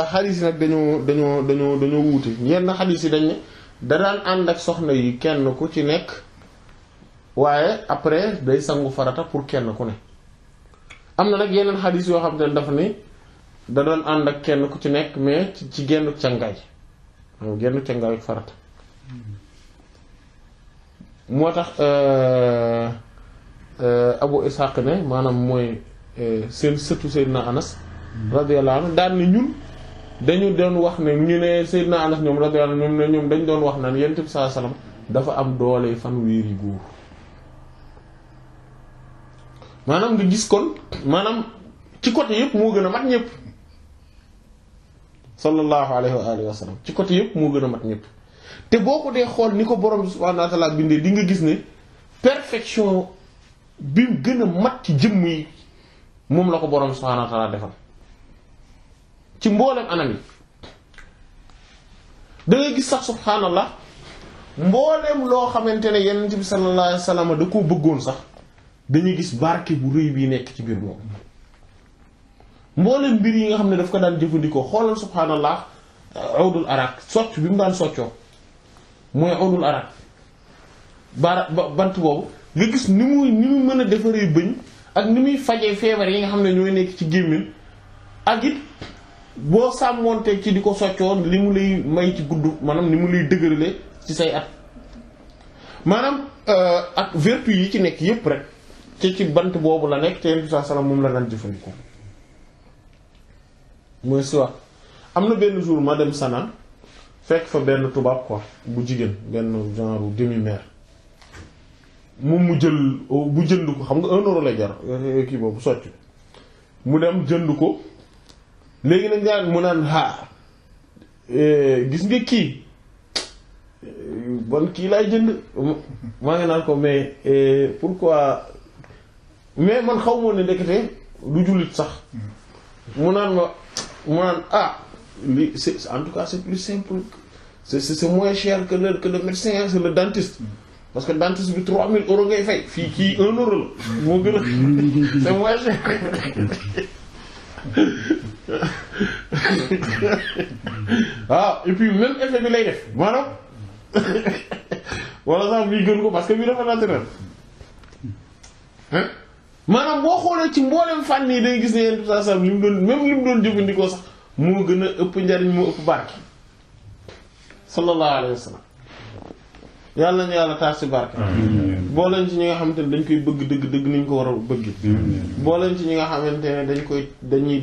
xadis euh, yi nag dañoo dañoo dañoo dañoo wuute yenn xadis yi dañ ne da daan ànd ak soxna yi kenn ku ci nekk waaye après day sangu farata pour kenn ku ne am na nag yeneen xadis yoo xam te ne dafa ni da doon ànd ak kenn ku ci nekk mais ci gennu cangaay moom gennu cangaay farata moo tax euh, euh, Abu Ishaq ne maanaam mooy seen setu Seydina Anas radiyallahu anhu daan ne ñun dañu doon wax ne ñu ne Seydina Anas ñom radiyallahu ñoom ñom dañ doon wax nan yentu sallam dafa am doole wiri goor manam nga gis kon manam ci côté yëpp mo gëna mat ñëpp sallallahu alayhi wa alihi wasallam ci côté yëpp mo gëna mat ñëpp te boko ko xol niko borom subhanahu wa ta'ala bindee di nga gis ne perfection bi gëna mat ci jëm yi moom la ko boroom subhaanahu wa taala defal ci mboolem anam yi da ngay gis sax subhaanallah mboolem loo xamante ne yenent bi sallallahu alayhi wa da koo bëggoon sax dañuy gis barke bu rëy bii nekk ci biir moom mboolem mbir yi nga xam ne daf ko daan jëfandikoo xoolal subhaanallah awdul arak socc bi mu daan soccoo mooy awdul arak ba bant boobu nga gis ni muy ni mu mën a defaree bëñ ak ni muy fajee feebar yi nga xam ne ñooy nekk ci gémmiñ ak boo boo sàmmoonte ci di ko soccoo li mu lay may ci gudd maanaam ni mu lay dëgërale ci say at maanaam euh, ak vertu yi ci nekk yépp rek te ci bant boobu la nekk te yenn moom la daan jëfandikoo mooy siwaat am na benn jour ma dem Sana fekk fa benn tubaab ko bu jigéen benn genre demi-mère moom mu jël mu jënd ko xam nga un la jar euh, kii boobu socc mu dem jënd ko léegi nag ñaan mu naan xaar euh, gis ngi kii bon kii laay jënd maa ngi naan ko mais pour euh, pourquoi mais man xaw moo ne ndekete du jullit sax mu naan ma mu naan ah li c'est en tout cas c'est plus simple c'est c'est moins cher que le que le médecin c'est le dentiste parce que dentiste bi 3000 euros ngay fay fii kii 1 euro moo gën a [LAUGHS] c'est moins cher waaw ah, et puis même effet bi lay def maanaam wala sax bii gën ko parce que bii dafa naturel maanaam boo xoolee ci mboolem fànn yi day gis ne yenn saa saa li doon même li doon jëfandikoo sax moo gën a ëpp njariñ moo ëpp barke sallallahu alayhi wa yàlla nañu yàlla taar si barke boo leen ci ñi nga xamante ne dañ koy bëgg dëgg dëgg ni ko war a bëgg boo leen ci ñi nga xamante ne dañ koy dañuy